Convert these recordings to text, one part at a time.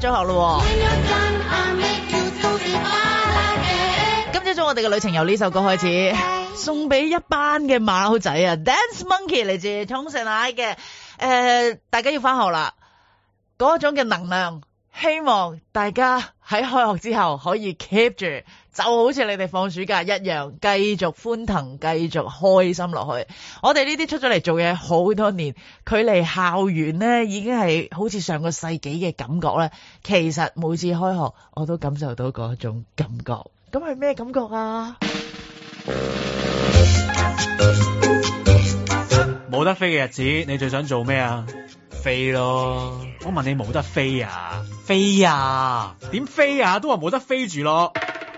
中學咯，今朝早我哋嘅旅程由呢首歌開始，送俾一班嘅貓仔啊，Dance Monkey 嚟自 Tones and I 嘅，誒、呃，大家要返學啦，嗰種嘅能量，希望大家喺開學之後可以 keep 住。就好似你哋放暑假一樣，繼續歡騰，繼續開心落去。我哋呢啲出咗嚟做嘢好多年，距離校園呢已經係好似上個世紀嘅感覺咧。其實每次開學，我都感受到嗰種感覺。咁係咩感覺啊？冇得飛嘅日子，你最想做咩啊？飛咯！我問你冇得飛啊？飛啊？點飛啊？都話冇得飛住咯。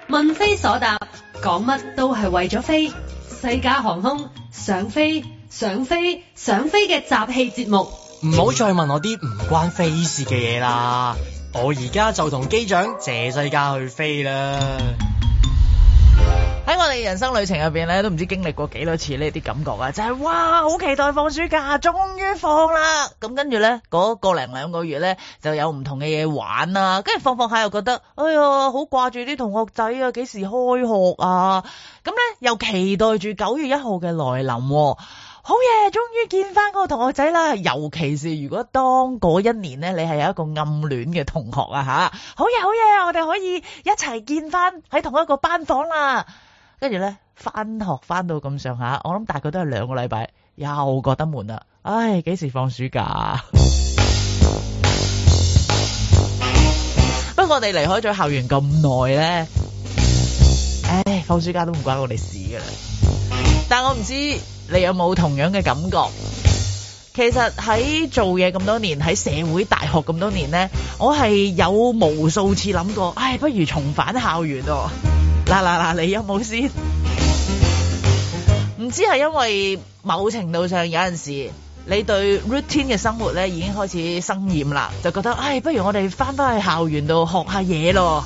問非所答，講乜都係為咗飛。西加航空想飛想飛想飛嘅集氣節目，唔好、嗯、再問我啲唔關飛事嘅嘢啦。我而家就同機長謝西加去飛啦。喺我哋人生旅程入邊咧，都唔知經歷過幾多次呢啲感覺啊、就係！就係哇，好期待放暑假，終於放啦。咁跟住呢嗰、嗰個零兩個月呢，就有唔同嘅嘢玩啊。跟住放放下又覺得，哎呀，好掛住啲同學仔啊！幾時開學啊？咁呢又期待住九月一號嘅來臨。好嘢，終於見翻嗰個同學仔啦！尤其是如果當嗰一年呢，你係有一個暗戀嘅同學啊吓，好嘢好嘢，我哋可以一齊見翻喺同一個班房啦。跟住咧，翻學翻到咁上下，我諗大概都係兩個禮拜，又覺得悶啦。唉，幾時放暑假？ 不過我哋離開咗校園咁耐咧，唉，放暑假都唔關我哋事噶啦。但我唔知你有冇同樣嘅感覺？其實喺做嘢咁多年，喺社會大學咁多年咧，我係有無數次諗過，唉，不如重返校園喎、啊。嗱嗱嗱，你有冇先？唔 知係因為某程度上，有陣時你對 routine 嘅生活咧，已經開始生厭啦，就覺得，唉，不如我哋翻翻去校園度學下嘢咯，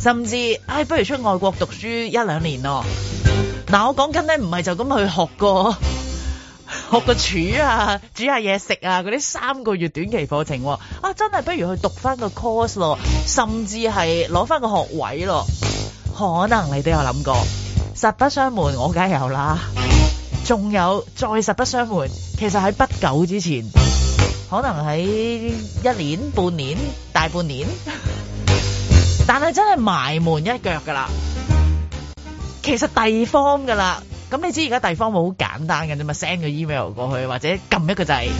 甚至，唉，不如出外國讀書一兩年咯。嗱、嗯，我講緊咧，唔係就咁去學個學個廚啊，煮下嘢食啊，嗰啲三個月短期課程，啊，真係不如去讀翻個 course 咯，甚至係攞翻個學位咯。可能你都有諗過，實不相瞞，我梗係有啦。仲有，再實不相瞞，其實喺不久之前，可能喺一年、半年、大半年， 但係真係埋門一腳噶啦。其實地方噶啦，咁你知而家地方好簡單嘅啫嘛，send 個 email 過去或者撳一個掣。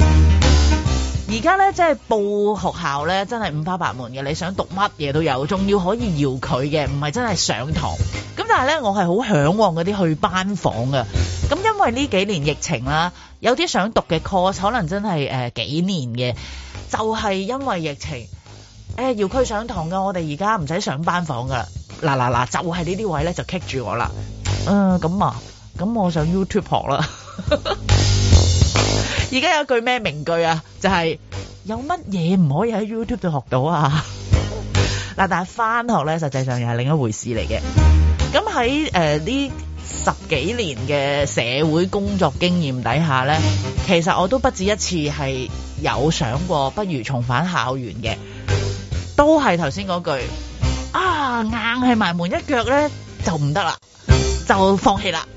而家咧，即係報學校咧，真係五花八門嘅。你想讀乜嘢都有，仲要可以搖佢嘅，唔係真係上堂。咁但係咧，我係好向往嗰啲去班房嘅。咁因為呢幾年疫情啦，有啲想讀嘅 course 可能真係誒、呃、幾年嘅，就係、是、因為疫情誒搖佢上堂噶。我哋而家唔使上班房噶啦嗱嗱，就係、是、呢啲位咧就棘住我啦。嗯、呃，咁啊，咁我上 y o u 想要脫殼啦。 而家有句咩名句啊？就係有乜嘢唔可以喺 YouTube 度學到啊？嗱， 但係翻學咧，實際上又係另一回事嚟嘅。咁喺誒呢十幾年嘅社會工作經驗底下咧，其實我都不止一次係有想過，不如重返校園嘅，都係頭先嗰句啊，硬係埋門一腳咧就唔得啦，就放棄啦。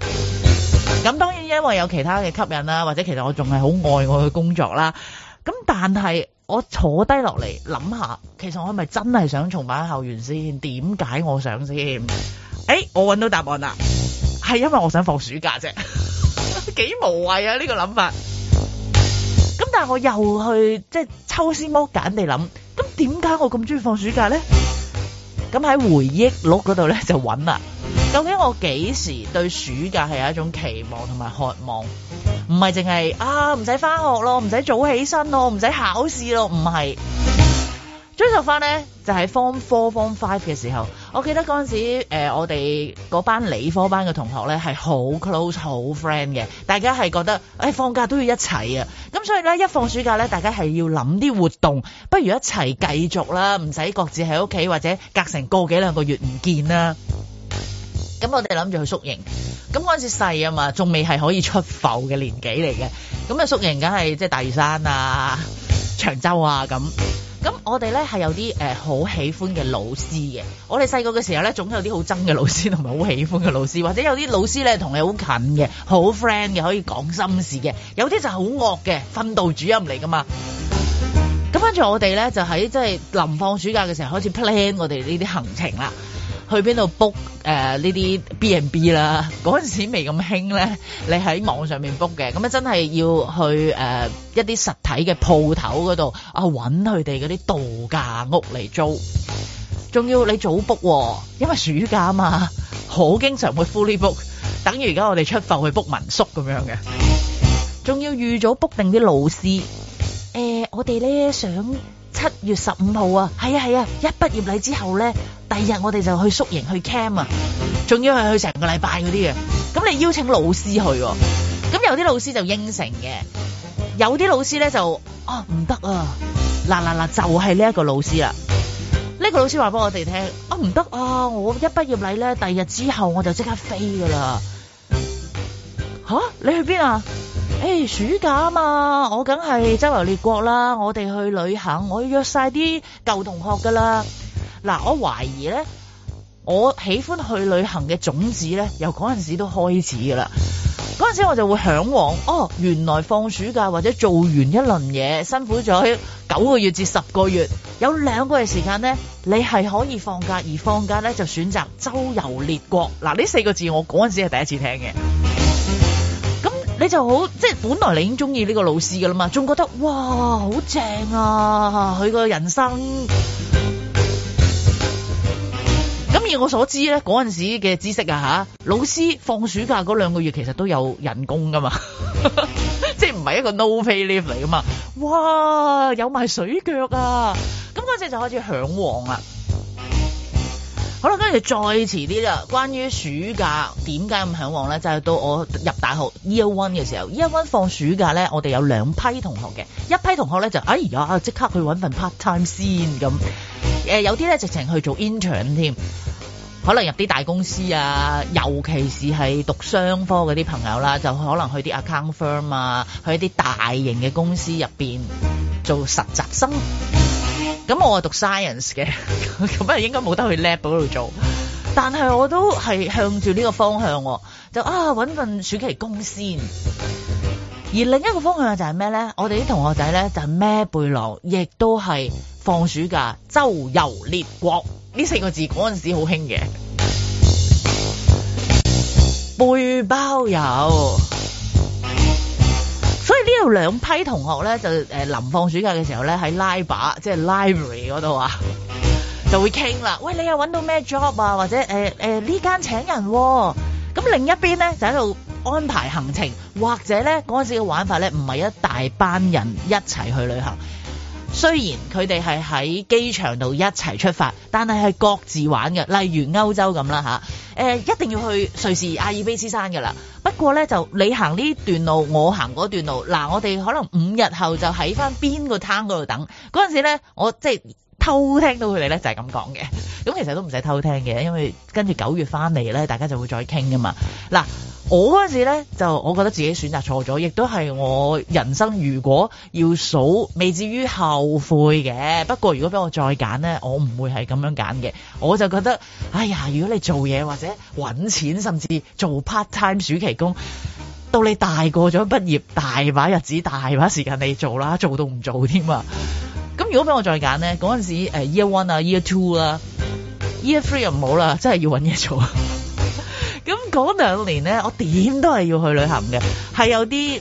咁當然因為有其他嘅吸引啦，或者其實我仲係好愛我去工作啦。咁但係我坐低落嚟諗下想想，其實我係咪真係想重返校園先？點解我想先？誒，我揾到答案啦，係因為我想放暑假啫，幾 無謂啊！呢、這個諗法。咁但係我又去即係抽絲剝繭地諗，咁點解我咁中意放暑假咧？咁喺回憶錄嗰度咧就揾啦。究竟我幾時對暑假係有一種期望同埋渴望？唔係淨係啊，唔使翻學咯，唔使早起身咯，唔使考試咯，唔係。追溯翻咧，就喺、是、form four、form five 嘅時候，我記得嗰陣時誒、呃，我哋嗰班理科班嘅同學咧係好 close、好 cl friend 嘅，大家係覺得誒、哎、放假都要一齊啊，咁所以咧一放暑假咧，大家係要諗啲活動，不如一齊繼續啦，唔使各自喺屋企或者隔成個幾兩個月唔見啦。咁我哋諗住去宿營，咁嗰陣時細啊嘛，仲未係可以出埠嘅年紀嚟嘅，咁啊宿營梗係即係大嶼山啊、長洲啊咁。咁我哋咧係有啲誒、呃、好喜歡嘅老師嘅，我哋細個嘅時候咧總有啲好憎嘅老師同埋好喜歡嘅老師，或者有啲老師咧同你好近嘅，好 friend 嘅可以講心事嘅，有啲就好惡嘅訓導主任嚟㗎嘛。咁跟住我哋咧就喺即係臨放暑假嘅時候開始 plan 我哋呢啲行程啦。去邊度 book 誒呢啲 B and B 啦？嗰陣時未咁興咧，你喺網上面 book 嘅，咁啊真係要去誒一啲實體嘅鋪頭嗰度啊搵佢哋嗰啲度假屋嚟租，仲要你早 book，因為暑假啊嘛，好經常會 fully book，等於而家我哋出埠去 book 民宿咁樣嘅，仲要預早 book 定啲老師誒，我哋咧想。七月十五號啊，係啊係啊，一畢業禮之後咧，第二日我哋就去宿營去 camp 啊，仲要係去成個禮拜嗰啲啊。咁你邀請老師去，啊，咁有啲老師就應承嘅，有啲老師咧就啊唔得啊，嗱嗱嗱，就係呢一個老師啊，呢、這個老師話俾我哋聽啊唔得啊，我一畢業禮咧第二日之後我就即刻飛噶啦，吓、啊、你去邊啊？誒，hey, 暑假啊嘛，我梗係周遊列國啦！我哋去旅行，我要約晒啲舊同學噶啦。嗱，我懷疑咧，我喜歡去旅行嘅種子咧，由嗰陣時都開始噶啦。嗰陣時我就會向往，哦，原來放暑假或者做完一輪嘢，辛苦咗九個月至十個月，有兩個月時間咧，你係可以放假，而放假咧就選擇周遊列國。嗱，呢四個字我嗰陣時係第一次聽嘅。你就好，即係本來你已經中意呢個老師噶啦嘛，仲覺得哇好正啊，佢個人生。咁以 我所知咧，嗰陣時嘅知識啊，吓老師放暑假嗰兩個月其實都有人工噶嘛， 即係唔係一個 no pay leave 嚟噶嘛，哇有埋水腳啊，咁嗰陣就開始向往啦。好啦，跟住再遲啲啦。關於暑假點解咁向往咧，就係、是、到我入大學 Year One 嘅時候，Year One 放暑假咧，我哋有兩批同學嘅，一批同學咧就哎呀即刻去揾份 part time 先咁。誒、呃、有啲咧直情去做 intern 添，可能入啲大公司啊，尤其是係讀商科嗰啲朋友啦、啊，就可能去啲 account firm 啊，去一啲大型嘅公司入面做實習生。咁我係讀 science 嘅，咁 啊應該冇得去 lab 嗰度做。但係我都係向住呢個方向，就啊揾份暑期工先。而另一個方向就係咩咧？我哋啲同學仔咧就孭背囊，亦都係放暑假周遊列國呢四個字嗰陣時好興嘅背包遊。所以呢度兩批同學咧，就誒、呃、臨放暑假嘅時候咧，喺 library 即係 library 嗰度啊， 就會傾啦。喂，你又揾到咩 job 啊？或者誒誒呢間請人、哦。咁另一邊咧就喺度安排行程，或者咧嗰陣時嘅玩法咧，唔係一大班人一齊去旅行。雖然佢哋係喺機場度一齊出發，但係係各自玩嘅。例如歐洲咁啦嚇，誒一定要去瑞士阿爾卑斯山㗎啦。不過呢，就你行呢段路，我行嗰段路。嗱、啊，我哋可能五日後就喺翻邊個灘嗰度等。嗰陣時呢，我即。偷聽到佢哋咧就係咁講嘅，咁其實都唔使偷聽嘅，因為跟住九月翻嚟咧，大家就會再傾㗎嘛。嗱，我嗰陣時咧就我覺得自己選擇錯咗，亦都係我人生如果要數未至於後悔嘅。不過如果俾我再揀咧，我唔會係咁樣揀嘅。我就覺得，哎呀，如果你做嘢或者揾錢，甚至做 part time 暑期工，到你大過咗畢業，大把日子、大把時間你做啦，做到唔做添啊！咁如果俾我再揀咧，嗰陣時誒，year one 啊，year two 啦，year three 就唔好啦，真係要搵嘢做。咁嗰兩年咧，我點都係要去旅行嘅，係有啲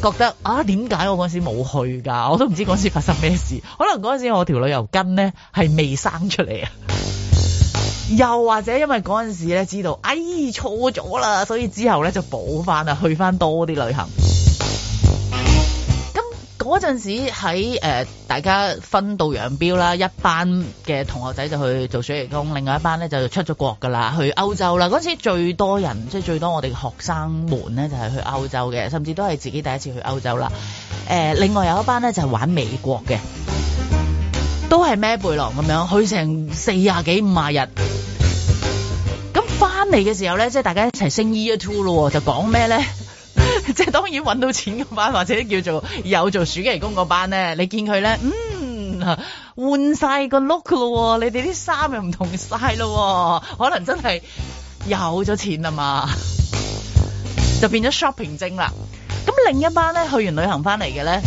覺得啊，點解我嗰陣時冇去噶？我都唔知嗰陣時發生咩事，可能嗰陣時我條旅遊筋咧係未生出嚟啊， 又或者因為嗰陣時咧知道，哎，錯咗啦，所以之後咧就補翻啊，去翻多啲旅行。嗰陣時喺誒、呃，大家分道揚鑣啦，一班嘅同學仔就去做暑期工，另外一班咧就出咗國噶啦，去歐洲啦。嗰陣時最多人，即係最多我哋學生們咧，就係去歐洲嘅，甚至都係自己第一次去歐洲啦。誒、呃，另外有一班咧就玩美國嘅，都係孭背囊咁樣去成四十幾五十日。咁翻嚟嘅時候咧，即係大家一齊升 Year Two 咯，就講咩咧？ 即係當然搵到錢嗰班，或者叫做有做暑期工嗰班咧，你見佢咧，嗯，換晒個 look 咯，你哋啲衫又唔同晒咯，可能真係有咗錢啊嘛， 就變咗 shopping 精啦。咁另一班咧去完旅行翻嚟嘅咧，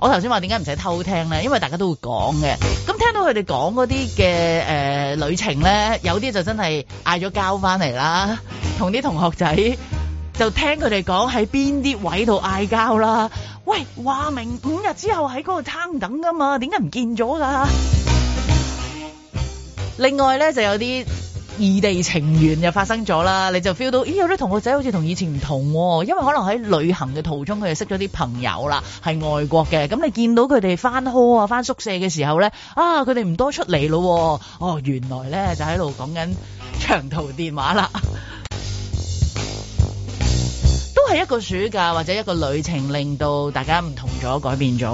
我頭先話點解唔使偷聽咧，因為大家都會講嘅。咁聽到佢哋講嗰啲嘅誒旅程咧，有啲就真係嗌咗交翻嚟啦，同啲同學仔。就聽佢哋講喺邊啲位度嗌交啦。喂，話明五日之後喺嗰個攤等噶嘛？點解唔見咗噶？ 另外咧就有啲異地情緣又發生咗啦。你就 feel 到，咦，有啲同學仔好似同以前唔同，哦，因為可能喺旅行嘅途中佢哋識咗啲朋友啦，係外國嘅。咁你見到佢哋翻學啊，翻宿舍嘅時候咧，啊，佢哋唔多出嚟咯，哦。哦，原來咧就喺度講緊長途電話啦。 都係一個暑假或者一個旅程令到大家唔同咗、改變咗，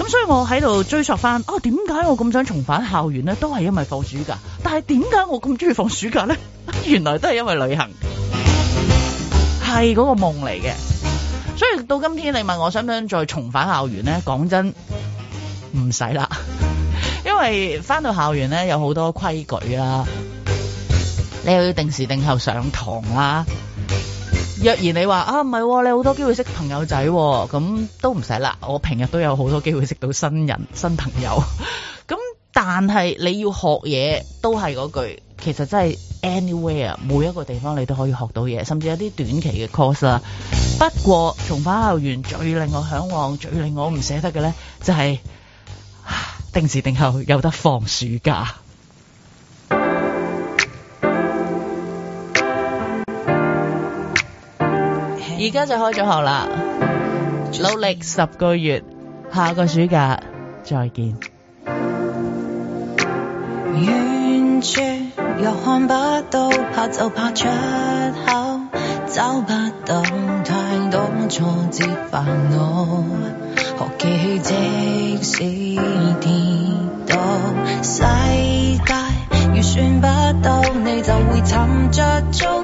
咁所以我喺度追溯返，哦、啊，點解我咁想重返校園呢？都係因為放暑假，但係點解我咁中意放暑假呢？原來都係因為旅行，係嗰個夢嚟嘅。所以到今天你問我想唔想再重返校園呢？講真，唔使啦， 因為返到校園呢，有好多規矩啦、啊，你又要定時定候上堂啦、啊。若然你話啊唔係、哦，你好多機會識朋友仔、哦，咁、嗯、都唔使啦。我平日都有好多機會識到新人新朋友。咁、 嗯、但係你要學嘢，都係嗰句，其實真係 anywhere，每一個地方你都可以學到嘢，甚至有啲短期嘅 course 啦。不過重返校園最令我向往、最令我唔捨得嘅呢，就係、啊、定時定候有得放暑假。而家就開咗學啦，努力十個月，下個暑假再見。遠處若看不到，怕就怕出口找不到太多挫折煩惱，學期即使跌倒，世界預算不到你就會沉著中。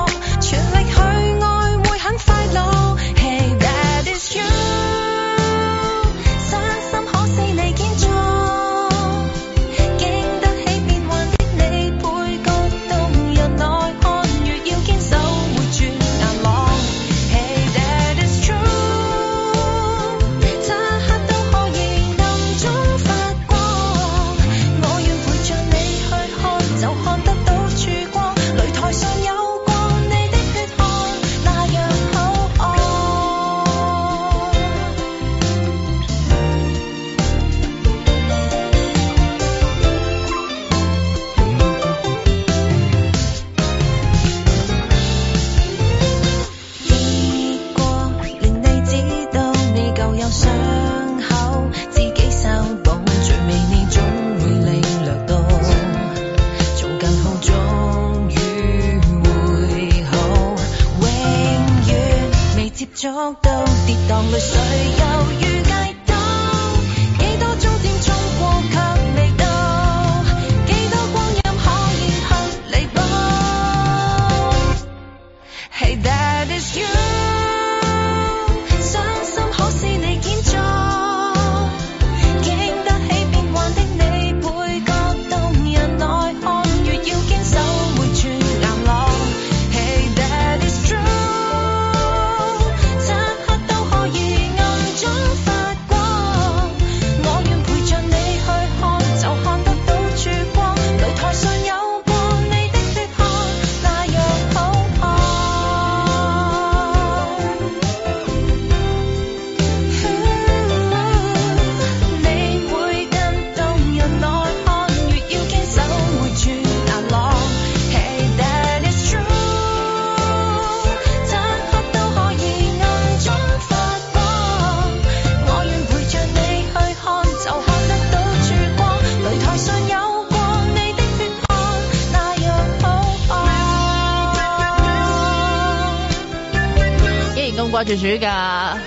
住暑假，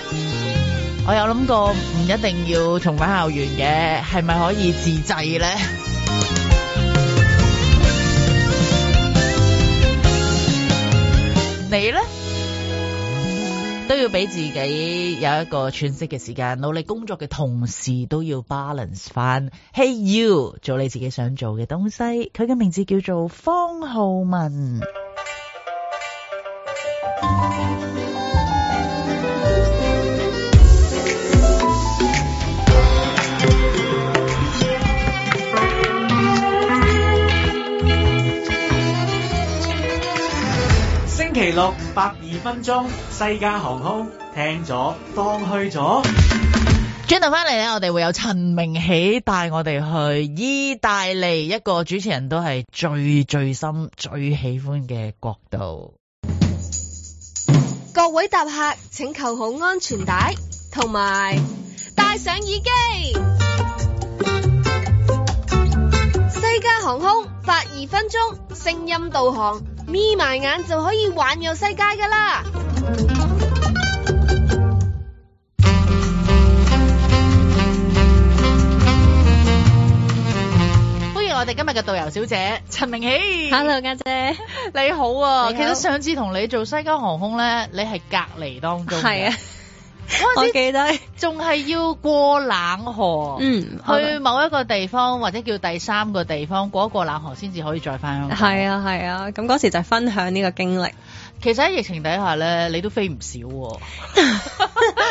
我有諗過唔一定要重返校園嘅，係咪可以自製咧？ 你咧呢都要俾自己有一個喘息嘅時間，努力工作嘅同時都要 balance 翻。Hey you，做你自己想做嘅東西。佢嘅名字叫做方浩文。星期六八二分鐘，西加航空聽咗當去咗。轉頭翻嚟咧，我哋會有陳明喜帶我哋去意大利，一個主持人都係最最深最喜歡嘅國度。各位搭客請扣好安全帶，同埋戴上耳機。西加航空八二分鐘聲音導航。眯埋眼就可以環遊世界噶啦！ 歡迎我哋今日嘅導遊小姐陳明喜。Hello 家姐，姐， 你，好啊、你好。啊！其實上次同你做西加航空咧，你係隔離當中嘅。是啊 我記得仲係要過冷河， 嗯，去某一個地方 或者叫第三個地方過一過冷河先至可以再翻屋。係啊，係啊，咁嗰、啊、時就分享呢個經歷。其實喺疫情底下咧，你都飛唔少，哦。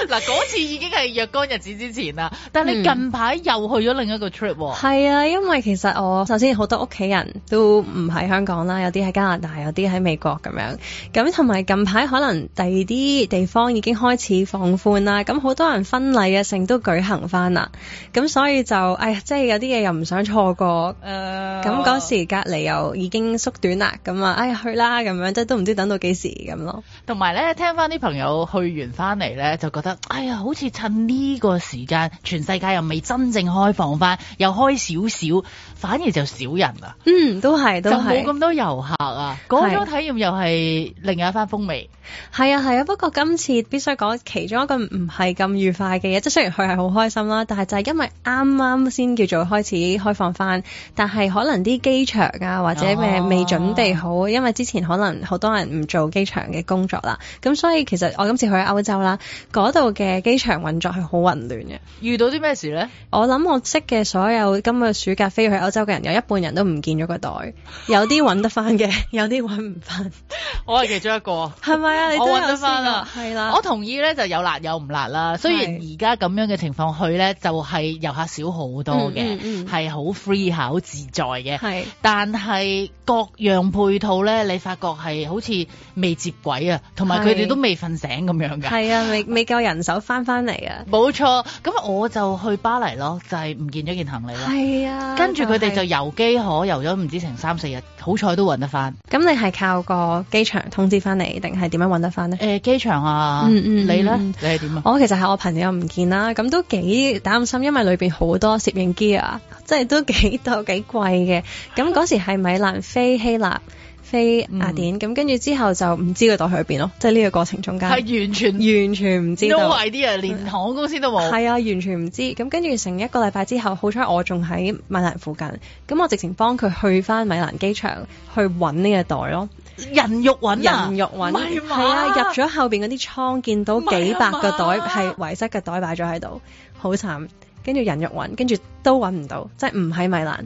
嗱，嗰次已經係若干日子之前啦，但係你近排又去咗另一個 trip 喎。係啊，因為其實我首先好多屋企人都唔喺香港啦，有啲喺加拿大，有啲喺美國咁樣。咁同埋近排可能第二啲地方已經開始放寬啦，咁好多人婚禮啊，剩都舉行翻啦。咁所以就唉，即、就、係、是、有啲嘢又唔想錯過。誒、uh，咁嗰時隔離又已經縮短啦，咁、嗯、啊，哎呀去啦咁樣，即都唔知等到幾時咁咯，同埋咧，聽翻啲朋友去完翻嚟咧，就覺得，哎呀，好似趁呢個時間，全世界又未真正開放翻，又開少少，反而就少人啊。嗯，都係，都係，就冇咁多遊客啊。嗰種是體驗又係另一番風味。係啊，係啊。不過今次必須講其中一個唔係咁愉快嘅嘢，即係雖然佢係好開心啦，但係就係因為啱啱先叫做開始開放翻，但係可能啲機場啊或者咩未準備好，啊、因為之前可能好多人唔做，機場嘅工作啦，咁所以其實我今次去歐洲啦，嗰度嘅機場運作係好混亂嘅。遇到啲咩事咧？我諗我識嘅所有今個暑假飛去歐洲嘅人，有一半人都唔見咗個袋，有啲搵得翻嘅， 有啲搵唔翻。我係其中一個。係咪啊？你都有先啊？係啦。了我同意咧，就有辣有唔辣啦。雖然而家咁樣嘅情況去咧，就係、是、遊客少好多嘅，係好是 free 下，好自在嘅。係。但係各樣配套咧，你發覺係好似未接軌啊，同埋佢哋都未瞓醒咁的樣嘅。係啊，未未夠人手翻翻嚟啊。冇 錯，咁我就去巴黎咯，就係、係、唔見咗件行李咯。係啊的，跟住佢哋就遊機可遊咗唔知成三四日，好彩都揾得翻。咁你係靠個機場通知翻嚟，定係點樣揾得翻呢？誒機、呃、場啊，嗯嗯，嗯你咧呢，嗯、你係點啊？我其實係我朋友唔見啦，咁都幾擔心，因為裏邊好多攝影機啊，即係都幾多幾貴嘅。咁嗰時係米蘭飛希臘。 飛阿點咁，跟住、嗯、之後就唔知個袋去邊咯，即係呢個過程中間係完全完全唔知道，啲人、啊、連航空公司都冇，係、嗯、啊，完全唔知。咁跟住成一個禮拜之後，好彩我仲喺米蘭附近，咁我直情幫佢去翻米蘭機場去揾呢個袋咯。人肉揾，人肉揾，係啊，入咗、啊、後邊嗰啲倉，見到幾百個袋係遺失嘅袋擺咗喺度，好慘。跟住人肉揾，跟住都揾唔到，即係唔喺米蘭。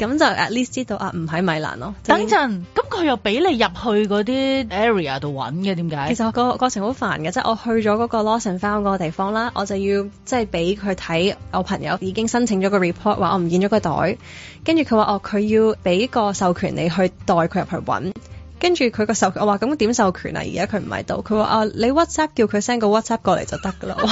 咁就 at least 知道啊，唔喺米蘭咯。即係、等陣，咁佢又俾你入去嗰啲 area 度揾嘅，點解？其實、嗰個過程好煩嘅，即、就、係、係、我去咗嗰個 Lost and Found 嗰個地方啦，我就要即係俾佢睇我朋友已經申請咗個 report，話我唔見咗個袋。跟住佢話哦，佢要俾個授權你去代佢入去揾。跟住佢個授權，我話咁點授權啊？而家佢唔喺度。佢話啊，你 WhatsApp 叫佢 send 個 WhatsApp 過嚟就得㗎啦。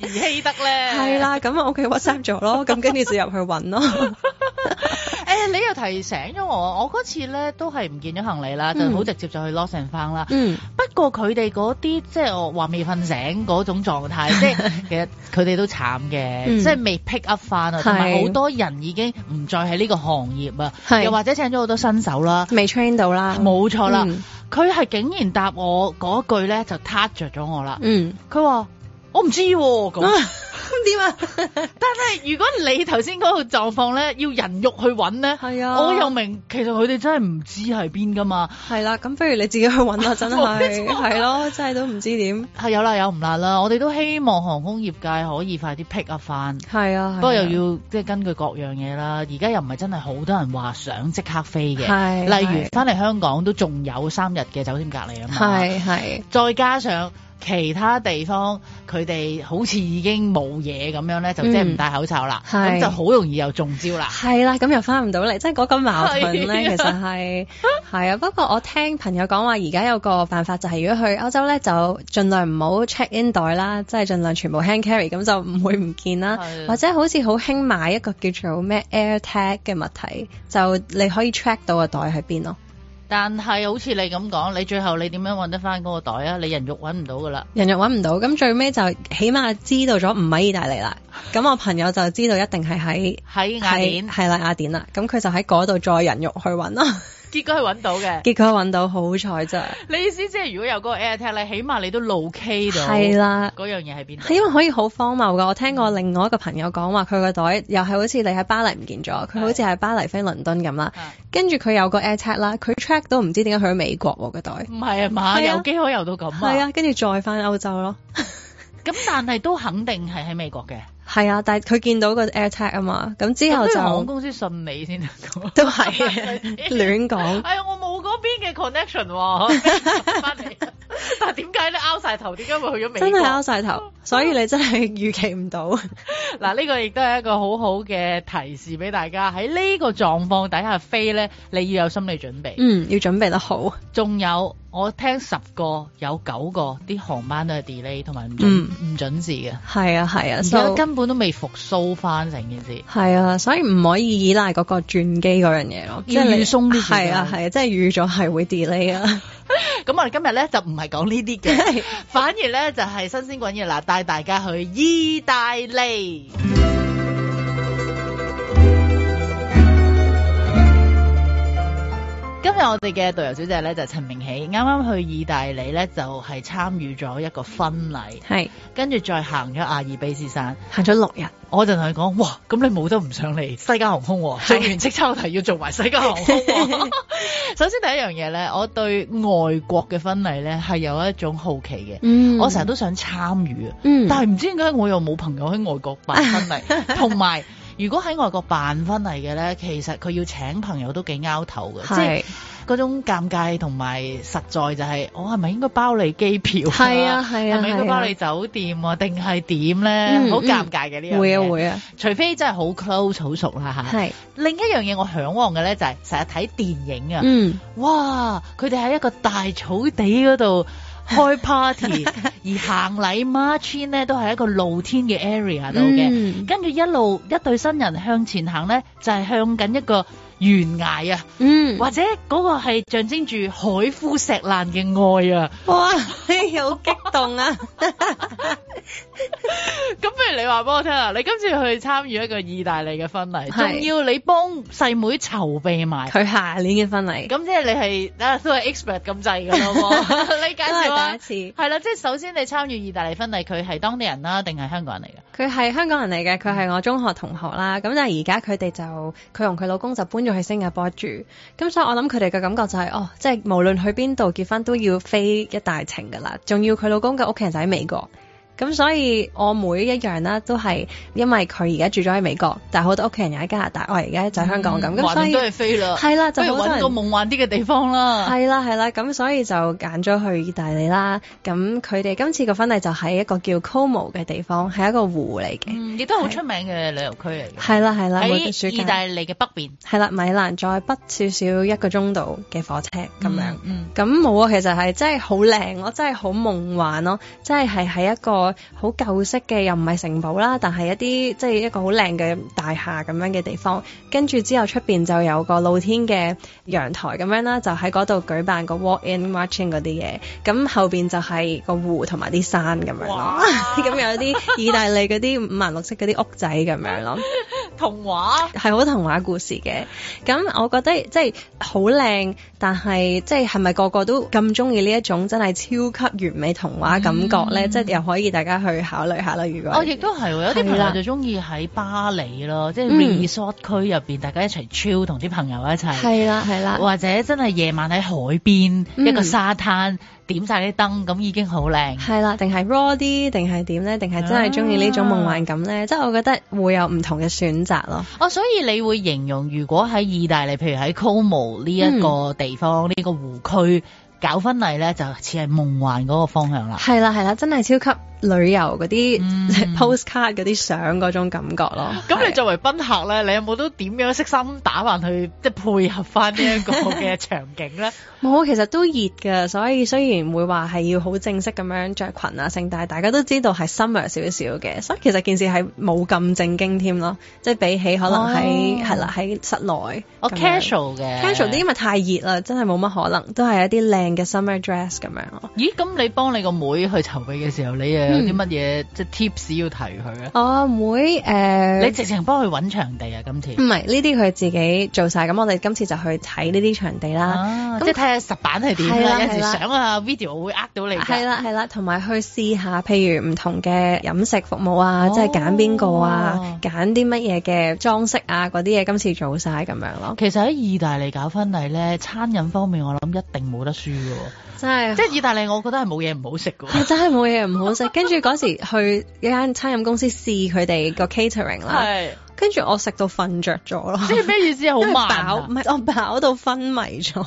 而希得咧，係啦，咁啊，我喺 WhatsApp 咗咯，咁跟住就入去揾咯。誒，你又提醒咗我，我嗰次咧都係唔見咗行李啦，就好直接就去 lost and found 啦。嗯，不過佢哋嗰啲即係我話未瞓醒嗰種狀態，即係其實佢哋都慘嘅，即係未 pick up 翻啊，同埋好多人已經唔再喺呢個行業啊，又或者請咗好多新手啦，未 train 到啦，冇錯啦。佢係竟然答我嗰句咧，就 touch 咗我啦。嗯，佢話。我唔知喎，咁點啊？ 但係如果你頭先嗰個狀況咧，要人肉去揾咧，係是啊，啊，我又明其實佢哋真係唔知喺邊噶嘛。係啦，咁不如你自己去揾下，真係係咯，真係都唔知點係、 啊、有辣有唔辣啦。我哋都希望航空業界可以快啲 pick up 翻。係啊，不過、啊、又要即係根據各樣嘢啦。而家又唔係真係好多人話想即刻飛嘅。係、啊，啊、例如翻嚟香港都仲有三日嘅酒店隔離啊嘛。係係、啊，啊啊啊、再加上。其他地方佢哋好似已經冇嘢咁樣咧，嗯、就即係唔戴口罩啦，咁是就好容易又中招啦。係啦，咁又翻唔到嚟，即係嗰個矛盾咧，的其實係，係啊。 不過我聽朋友講話而家有個辦法就係、是、如果去歐洲咧，就盡量唔好 check in 袋啦，即係盡量全部 hand carry，咁就唔會唔見啦。的或者好似好興買一個叫做咩 Air Tag 嘅物體，就你可以 check 到個袋喺邊咯。但係好似你咁講，你最後你點樣揾得翻嗰個袋啊？你人肉揾唔到噶啦，人肉揾唔到，咁最尾就起碼知道咗唔喺意大利啦。咁我朋友就知道一定係喺喺雅典，係啦雅典啦。咁佢就喺嗰度再人肉去揾咯。 結果係揾到嘅， 結果係揾到好彩啫。 你意思即係如果有個 AirTag 咧，起碼你都露 K 到。係啦，嗰樣嘢喺邊？係因為可以好荒謬噶。我聽過另外一個朋友講話，佢個袋又係好似你喺巴黎唔見咗，佢的好似係巴黎飛倫敦咁啦。跟住佢有個 AirTag 啦，佢 track 都唔知點解去咗美國個袋。唔係啊嘛，有幾可遊到咁啊？係啊，跟住再返歐洲咯 。咁 但係都肯定係喺美國嘅。係啊，但係佢見到個 aircheck 啊嘛，咁之後就航空公司信你先都係亂講。係啊，我冇嗰邊嘅 connection 喎。 但係點解你拗晒頭？點解會去咗美國？真係拗晒頭，所以你真係預期唔到、 啊。嗱，呢個亦都係一個好好嘅提示俾大家喺呢個狀況底下飛咧，你要有心理準備。嗯，要準備得好。仲有。我聽十個有九個啲航班都係 delay 同埋唔唔準時嘅，係、嗯、啊係啊，啊，所以根本都未復甦翻成件事。係啊，所以唔可以依賴嗰個轉機嗰樣嘢咯，即係預送。係啊係啊，啊，即係預咗係會 delay 啊。咁 我哋今日咧就唔係講呢啲嘅， 反而咧就係、是、新鮮滾熱辣，帶大家去意大利。今日我哋嘅導遊小姐咧就是、陳明喜，啱啱去意大利咧就係、是、參與咗一個婚禮，係是，跟住再行咗阿爾卑斯山，行咗六日。我就同佢講，哇，咁你冇得唔上嚟、啊？西加航空，完做完職抽題要做埋西加航空、啊。 首先第一樣嘢咧，我對外國嘅婚禮咧係有一種好奇嘅，嗯、我成日都想參與，嗯、但係唔知點解我又冇朋友喺外國辦婚禮，同埋。如果喺外國辦婚禮嘅咧，其實佢要請朋友都幾拗頭嘅，是即係嗰種尷尬同埋實在就係我係咪應該包你機票？係啊係啊，係咪、啊啊啊、應該包你酒店定係點咧？好、嗯、尷尬嘅呢樣嘢會啊會啊，會啊，除非真係好 close 好熟啦吓。係是另一樣嘢我向往嘅咧、就是，就係成日睇電影啊！嗯，哇，佢哋喺一個大草地嗰度。開 party， 而行禮 March 呢都係一個露天嘅 area 度嘅，跟住、嗯、一路一對新人向前行咧，就係、是、向緊一個。懸崖啊，嗯、或者嗰個係象徵住海枯石爛嘅愛啊！哇，你好激動啊！咁 不如你話俾我聽啦，你今次去參與一個意大利嘅婚禮，仲要你幫細妹，妹籌備埋佢下，下年嘅婚禮。咁即係你係啊都係 expert 咁滯㗎啦， 你介紹啊，一次係啦，即係首先你參與意大利婚禮，佢係當地人啦，定係香港人嚟㗎？佢係香港人嚟嘅，佢係我中學同學啦。咁什麼但係而家佢哋就佢同佢老公就搬咗。佢喺新加坡住，咁所以我諗佢哋嘅感覺就係哦，即係無論去邊度結婚都要飛一大程噶啦，仲要佢老公嘅屋企人就喺美國。咁所以我每一樣啦，都係因為佢而家住咗喺美國，但係好多屋企人又喺加拿大，我而家就喺香港咁。咁、嗯、所以都係飛啦，係啦，就去揾個夢幻啲嘅地方啦。係啦係啦，咁所以就揀咗去意大利啦。咁佢哋今次個婚禮就喺一個叫 Como 嘅地方，係一個湖嚟嘅，亦、嗯、都好出名嘅旅遊區嚟。係啦係啦，喺意大利嘅北邊。係啦，啦，米蘭再北少少一個鐘度嘅火車咁樣。咁冇啊，其實係真係好靚咯，真係好夢幻咯，真係係喺一個。好舊式嘅又唔係城堡啦，但係一啲即係一個好靚嘅大廈咁樣嘅地方，跟住之後出邊就有個露天嘅陽台咁樣啦，就喺嗰度舉辦個 walk in marching 嗰啲嘢，咁後邊就係個湖同埋啲山咁樣咯，咁哇 有啲意大利嗰啲五顏六色嗰啲屋仔咁樣咯， 童話？係好童話故事嘅，咁我覺得即係好靚。就是但係，即係係咪個個都咁中意呢一種真係超級完美童話感覺咧？嗯、即係又可以大家去考慮下啦。如果我亦都係，有啲朋友就中意喺巴黎咯，即係 resort 區入邊，嗯、大家一齊 chill 同啲朋友一齊。係啦，係啦。或者真係夜晚喺海邊、嗯、一個沙灘。點晒啲燈，咁已經好靚。係啦，定係 raw 啲，定係點咧？定係真係中意呢種夢幻感咧？即係、啊、我覺得會有唔同嘅選擇咯。哦，所以你會形容，如果喺意大利，譬如喺 Como 呢一個地方，呢、嗯、個湖區。搞婚禮咧，就似係夢幻嗰個方向啦，係啦係啦，真係超級旅遊嗰啲 postcard 嗰啲相嗰種感覺咯。咁你作為賓客咧，的你有冇都點樣悉心打扮去即係配合翻呢一個嘅場景咧？冇， 其實都熱㗎，所以雖然唔會話係要好正式咁樣着裙啊盛，但大家都知道係 summer 少少嘅，所以其實件事係冇咁正經添咯。即係比起可能喺係啦喺室內，我 casual 嘅 casual 啲，因為太熱啦，真係冇乜可能，都係一啲靚嘅 summer dress 咁樣咯，咦？咁、嗯嗯嗯、你幫你個妹去籌備嘅時候，你又有啲乜嘢即係 tips 要提佢啊？我阿、哦、妹誒，呃、你直情幫佢揾場地啊？今次唔係呢啲佢自己做晒。咁我哋今次就去睇呢啲場地啦。咁、啊嗯、即係睇下實版係點啦。有時相啊，啊，啊 video 我會呃到你。係啦係啦，同埋、啊啊、去試下，譬如唔同嘅飲食服務啊，即係揀邊個啊，揀啲乜嘢嘅裝飾啊，嗰啲嘢今次做晒咁樣咯。其實喺意大利搞婚禮咧，餐飲方面，方面我諗一定冇得輸。真係，即係意大利，我覺得係冇嘢唔好食㗎。 真係冇嘢唔好食。跟住嗰時去一間餐飲公司試佢哋個 catering 啦。 係。跟住我食到瞓着咗咯，即係咩意思？好飽，唔係我飽到昏迷咗，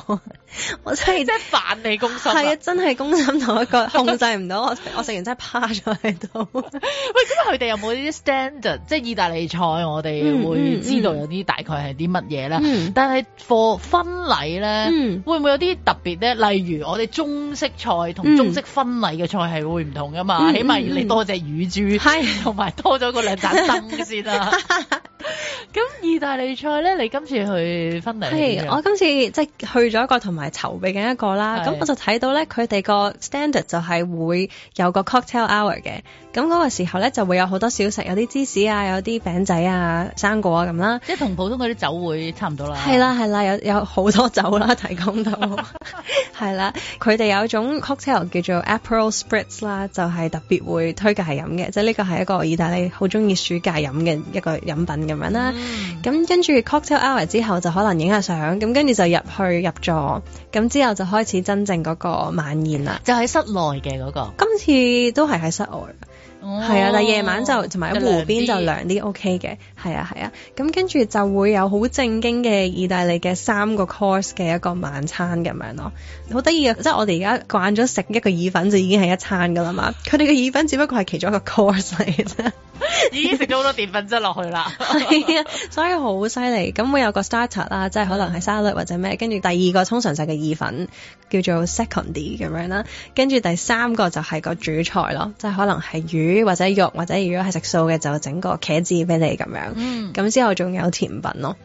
我真係真係飯你攻心，係啊，真係攻心同一個控制唔到我，我食完真係趴咗喺度。喂，咁啊，佢哋有冇呢啲 standard？即係意大利菜，我哋會知道有啲大概係啲乜嘢啦。但係 for 婚禮咧，會唔會有啲特別咧？例如我哋中式菜同中式婚禮嘅菜係會唔同噶嘛？起碼你多隻乳豬，係同埋多咗嗰兩盞燈先啊！咁 意大利菜咧，你今次去分離？係，我今次即係去咗一個同埋籌備緊一個啦。咁的我就睇到咧，佢哋個 standard 就係會有個 cocktail hour 嘅。咁嗰個時候咧，就會有好多小食，有啲芝士啊，有啲餅仔啊、生果啊咁啦。即係同普通嗰啲酒會差唔多啦。係啦，係啦，有有好多酒啦，提供到。係 啦，佢哋有一種 cocktail 叫做 April Spritz 啦，就係、是、特別會推介飲嘅，即係呢個係一個意大利好中意暑假飲嘅一個飲品咁樣啦。咁、嗯、跟住 cocktail hour 之後，就可能影下相，咁跟住就入去入座，咁之後就開始真正嗰個晚宴啦。就喺室內嘅嗰、那個。今次都係喺室外。係啊、哦，但夜晚就同埋喺湖邊就涼啲，OK 嘅。係啊，係啊。咁跟住就會有好正經嘅意大利嘅三個 course 嘅一個晚餐咁樣咯。好得意啊，即係我哋而家慣咗食一個意粉就已經係一餐噶啦嘛。佢哋嘅意粉只不過係其中一個 course 嚟嘅啫，已經食咗好多澱粉質落去啦 所以好犀利。咁會有個 starter 啦，即係可能係沙律或者咩。跟住第二個通常就係意粉，叫做 secondary 咁樣啦。跟住第三個就係個主菜咯，即係可能係魚。或者肉或者如果係食素嘅，就整個茄子俾你咁樣，咁之後仲有甜品咯，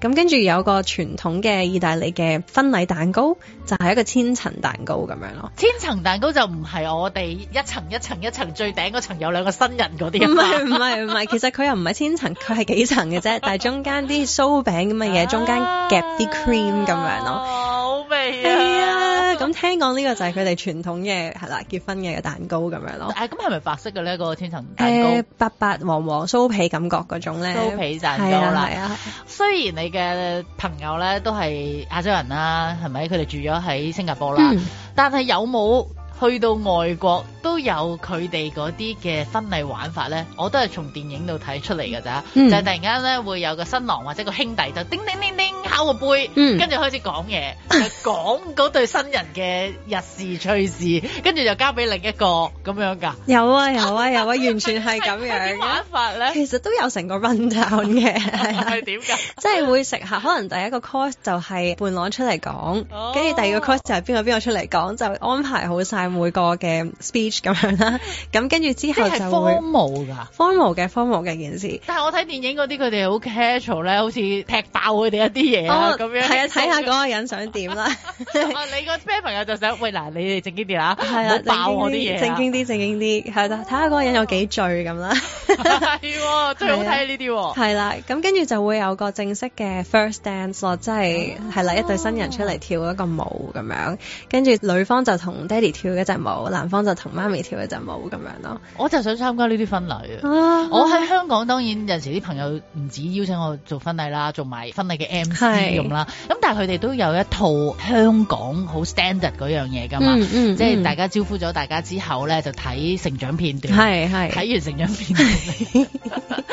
咁跟住有個傳統嘅意大利嘅婚禮蛋糕，就係、是、一個千層蛋糕咁樣咯。千層蛋糕就唔係我哋一層一層一層最頂嗰層有兩個新人嗰啲？唔係唔係唔係， 其實佢又唔係千層，佢係幾層嘅啫，但係中間啲酥餅咁嘅嘢，中間夾啲 cream 咁樣咯。好、啊、味啊！咁、 啊、聽講呢個就係佢哋傳統嘅係啦，結婚嘅蛋糕咁樣咯。誒、哎，咁係咪白色嘅咧？一個千層蛋糕、呃，白白黃黃酥皮感覺嗰種咧，酥皮就唔多啊，啊雖然你嘅朋友咧都係亞洲人啦，係咪？佢哋住咗喺新加坡啦，嗯、但係有冇去到外國都有佢哋啲嘅婚禮玩法咧？我都係從電影度睇出嚟噶咋，嗯、就係突然間咧會有個新郎或者個兄弟就叮叮叮叮，叮，叮。攞個、哦、杯，跟住開始講嘢，講嗰、嗯、對新人嘅日事趣事，跟住就交俾另一個咁樣㗎、啊。有啊有啊有啊， 完全係咁樣嘅玩法咧。其實都有成個 rundown 嘅，係點㗎？ 即係會食下，可能第一個 course 就係伴郎出嚟講，跟住、哦、第二個 course 就係邊個邊個出嚟講，就安排好晒每個嘅 speech 咁樣啦。咁跟住之後就會 formal 㗎，formal 嘅 formal 嘅 formal 件事。但係我睇電影嗰啲，佢哋好 casual 咧，好似踢爆佢哋一啲嘢。哦，咁、uh，樣係啊，睇下嗰個人想點啦。你個 best 朋友就想，喂嗱，你哋正經啲啦，唔好 爆我啲嘢、啊。正經啲，正經啲，係啦，睇下嗰個人有幾醉咁啦。係、 啊，真係、啊、好睇呢啲。係啦、 啊，咁跟住就會有個正式嘅 first dance 咯，即係係啦，一對新人出嚟跳一個舞咁樣，跟住、啊、女方就同爹哋跳一隻舞，男方就同媽咪跳一隻舞咁樣咯。我就想參加呢啲婚禮。啊！我喺香港當然有時啲朋友唔止邀請我做婚禮啦，做埋婚禮嘅 M 咁啦，咁是但係佢哋都有一套香港好 standard 嗰樣嘢噶嘛，嗯嗯嗯即係大家招呼咗大家之後咧，就睇成長片段，係係睇完成長片段，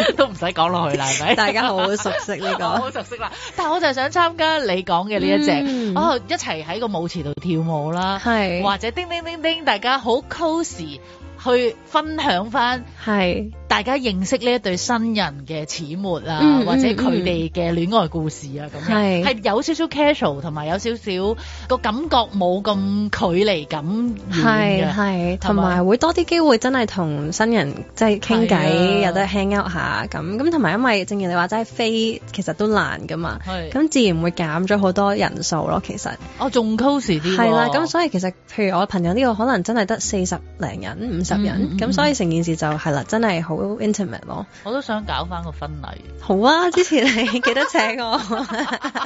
是 都唔使講落去啦，係咪？大家好熟悉呢、這個，好 熟悉啦。但係我就係想參加你講嘅呢一隻，哦、嗯，一齊喺個舞池度跳舞啦，係是或者叮，叮叮叮叮，大家好 close 去分享翻係大家認識呢一對新人嘅始末啊，嗯、或者佢哋嘅戀愛故事啊咁、嗯、樣係有少少 casual 同埋有少少個感覺冇咁距離感係係，同埋、嗯、會多啲機會真係同新人即係傾偈，是啊、有得 hang out 下咁咁，同埋因為正如你話齋飛其實都難㗎嘛，咁是、啊、自然會減咗好多人數咯。其實我仲 cosy 啲係啦，咁、哦啊、所以其實譬如我朋友呢、呢個可能真係得四十零人十人咁，所以成件事就係啦，真係好 intimate 咯。我都想搞翻個婚禮。好啊，之前你記得請我，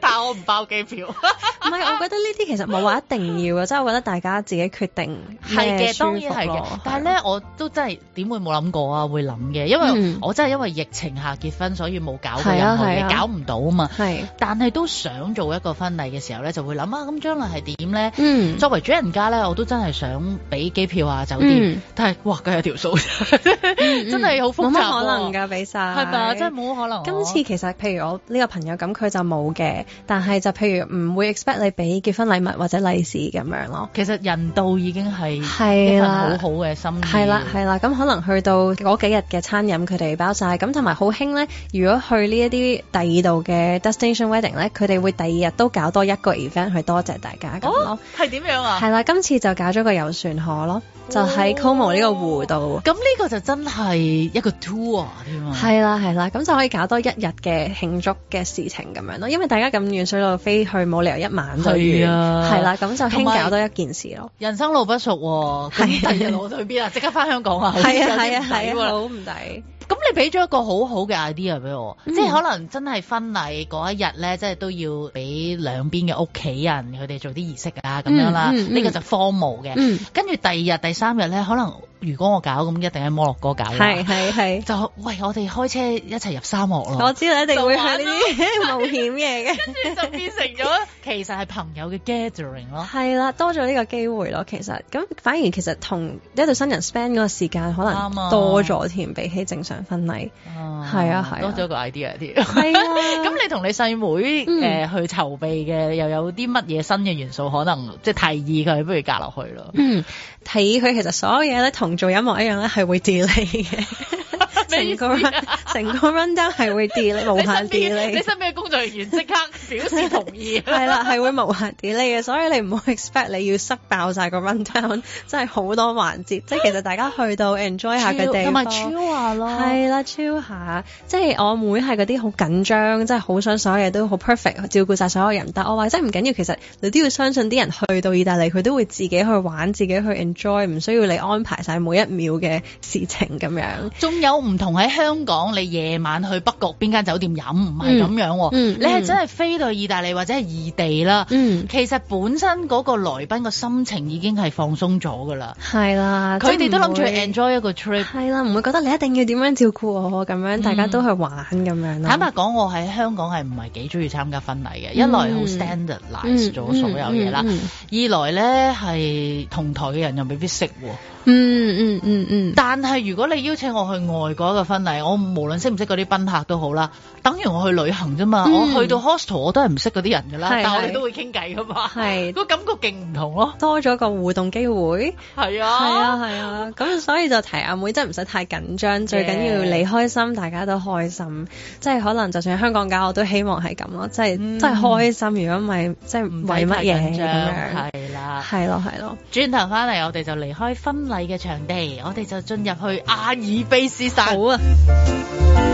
但係我唔包機票。唔 係，我覺得呢啲其實冇話一定要嘅，即係 我覺得大家自己決定嘅，咩舒服嘅。但係咧，我都真係點會冇諗過啊？會諗嘅，因為我真係因為疫情下結婚，所以冇搞過任何嘢，啊啊、搞唔到啊嘛。係是，但係都想做一個婚禮嘅時候咧，就會諗啊，咁將來係點咧？作為主人家咧，我都真係想俾機票啊、酒店、嗯。嗯，但係哇，梗係條數，真係好複雜，冇可能噶，俾晒係吧，真係冇可能。今次其實譬如我呢個朋友咁，佢就冇嘅，但係就譬如唔會 expect 你俾結婚禮物或者利是咁樣咯。其實人道已經係係啦，好好嘅心意，係啦，係啦。咁可能去到嗰幾日嘅餐飲佢哋包晒，咁同埋好興咧。如果去呢一啲第二度嘅 destination wedding 咧，佢哋會第二日都搞多一個 event 去多謝大家哦，係點樣啊？係啦，今次就搞咗個遊船河咯，就係。喺 Como 呢個湖度，咁呢個就真係一個 tour 添啊，係啦係啦，咁就可以搞多一日嘅慶祝嘅事情咁樣咯，因為大家咁遠水路飛去冇理由一晚去啊，係啦，咁就興搞多一件事咯。人生路不熟，係第二日我去邊啊？即刻翻香港啊！係啊係啊係啊，好唔抵。咁你俾咗一個好好嘅 idea 俾我，嗯、即係可能真係婚禮嗰一日咧，即係都要俾兩邊嘅屋企人佢哋做啲儀式啊，咁樣啦，呢、嗯嗯、個就 formal 嘅。跟住、嗯、第二日、第三日咧，可能。如果我搞，咁一定係摩洛哥搞啦。係係係，就喂，我哋開車一齊入沙漠咯。我知道你一定會喺呢啲冒險嘅。跟住 就變成咗、啊，其實係朋友嘅 gathering 咯。係啦，多咗呢個機會咯。其實咁反而其實同一對新人 spend 嗰個時間可能多咗添，啊、比起正常婚禮。嗯、啊，係啊，係。多咗個 idea 添。係。 咁你同你細妹誒去籌備嘅又有啲乜嘢新嘅元素？可能即係提議佢不如嫁落去咯。嗯，睇佢其實所有嘢都同。做音樂一樣咧，係會自理嘅。 成 個成個 rundown 係會跌，無限跌你。你身邊嘅 工作人員即刻表示同意。 係啦，係會無限跌你嘅，所以你唔好 expect 你要塞爆晒個 rundown，真係好多環節。即係其實大家去到 enjoy 下佢哋，同埋超下咯。係啦， 超下。即係我妹係嗰啲好緊張，即係好想所有嘢都好 perfect，照顧晒所有人。但我話真係唔緊要，其實你都要相信啲人去到意大利，佢都會自己去玩，自己去 enjoy，唔需要你安排晒每一秒嘅事情咁樣。仲有。唔同喺香港，你夜晚去北角邊間酒店飲唔係咁樣、啊，嗯嗯、你係真係飛到意大利或者係異地啦。嗯、其實本身嗰個來賓個心情已經係放鬆咗噶啦，係啦、啊，佢哋都諗住 enjoy 一個 trip，係啦，唔、啊、會覺得你一定要點樣照顧我咁樣，嗯、大家都去玩咁樣。坦白講，我喺香港係唔係幾中意參加婚禮嘅，嗯、一來好 standardize 咗、嗯嗯嗯、所有嘢啦，二來咧係同台嘅人又未必識。嗯嗯嗯嗯，但係如果你邀請我去外國嘅婚禮，我無論識唔識嗰啲賓客都好啦，等於我去旅行啫嘛。我去到 hostel 我都係唔識嗰啲人噶啦，但我哋都會傾偈噶嘛。係，個感覺勁唔同咯，多咗個互動機會。係啊，係啊，係啊，咁所以就提阿妹，真係唔使太緊張，最緊要你開心，大家都開心。即係可能就算香港搞，我都希望係咁咯，即係真係開心。如果唔係，即係唔使乜嘢緊張。係啦，係咯，係咯。轉頭翻嚟，我哋就離開婚禮嘅場地，我哋就進入去阿爾卑斯山。好啊！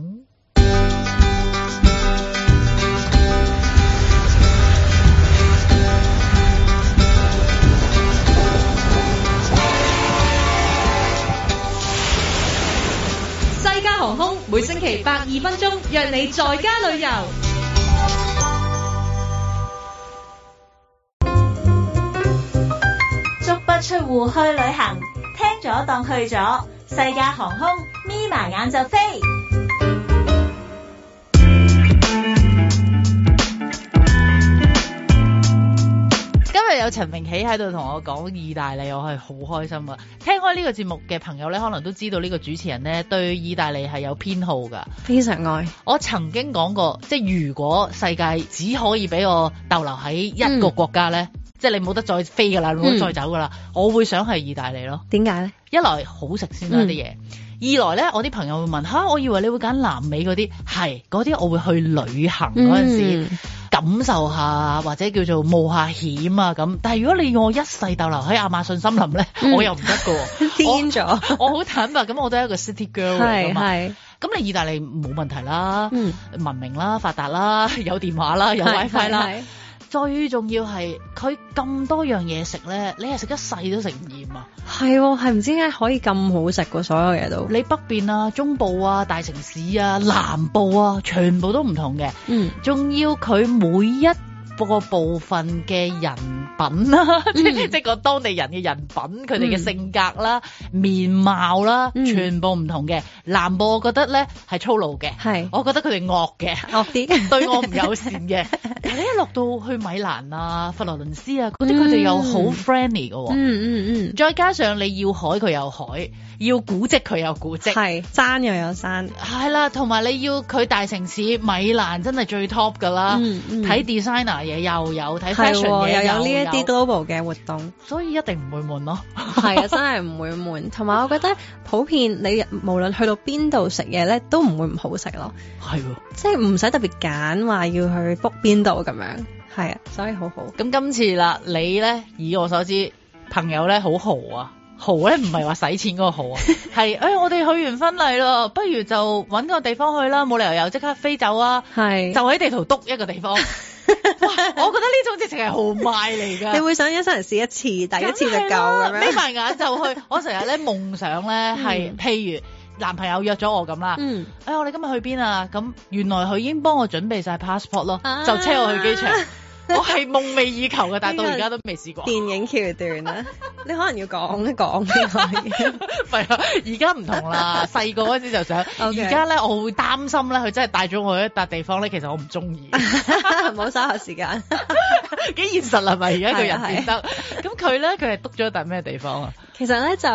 西加航空每星期百二分鐘，約你在家旅遊。足不出戶去旅行，聽咗當去咗。西加航空眯埋眼就飛。有陳明喜喺度同我講意大利，我係好開心啊！聽開呢個節目嘅朋友咧，可能都知道呢個主持人咧對意大利係有偏好噶，非常愛。我曾經講過，即係如果世界只可以俾我逗留喺一個國家咧，嗯、即係你冇得再飛噶啦，冇得再走噶啦，嗯、我會想去意大利咯。點解咧？一來好食先啦啲嘢，二來咧我啲朋友會問吓、啊，我以為你會揀南美嗰啲，係嗰啲我會去旅行嗰陣時。嗯感受下或者叫做冒下險啊咁，但係如果你要我一世逗留喺亞馬遜森林咧， 我又唔得嘅，癲咗！我好坦白，咁我都係一個 city girl 嚟嘅嘛。咁你意大利冇問題啦，是是文明啦、發達啦、有電話啦、有 WiFi 啦，是是是最重要係佢咁多樣嘢食咧，你係食一世都食唔完。係，係唔知點解可以咁好食噶？所有嘢都，你北邊啊、中部啊、大城市啊、南部啊，全部都唔同嘅。嗯，仲要佢每一。 嗰個部分嘅人品啦，即係個當地人嘅人品，佢哋嘅性格啦、面貌啦，全部唔同嘅。南部我覺得咧係粗魯嘅，係我覺得佢哋惡嘅，惡啲對我唔友善嘅。但你一落到去米蘭啊、佛羅倫斯啊，嗰啲佢哋又好 friendly 嘅。嗯嗯嗯，再加上你要海佢有海，要古蹟佢有古蹟，係山又有山，係啦，同埋你要佢大城市米蘭真係最 top 㗎啦。睇 designer。又有睇 fashion 又有呢一啲 double 嘅活動，所以一定唔會悶咯。係啊， 真係唔會悶。同埋我覺得普遍你無論去到邊度食嘢咧，都唔會唔好食咯。係喎，即係唔使特別揀話要去 book 邊度咁樣。係啊，所以好好。咁今次啦，你咧以我所知，朋友咧好豪啊。豪咧唔係話使錢嗰個豪啊，係誒、哎、我哋去完婚禮咯，不如就搵個地方去啦，冇理由又即刻飛走啊，係是就喺地圖篤一個地方。 我覺得呢種直情係豪邁嚟㗎。你會想一生人試一次，第一次就夠咁樣。眯埋眼就去， 我成日咧夢想咧係，嗯、譬如男朋友約咗我咁啦，誒、嗯哎、我哋今日去邊啊？咁原來佢已經幫我準備晒 passport 咯，啊、就車我去機場。啊。我係夢寐以求嘅，但係到而家都未試過。電影橋段咧， 你可能要講一講。係啊， 而家唔同啦，細個嗰陣時就想，而家咧我會擔心咧，佢真係帶咗我去一笪地方咧，其實我唔中意。冇嘥下時間，幾現實係咪？而家 個人變得咁佢咧，佢係篤咗一笪咩地方啊？其實咧就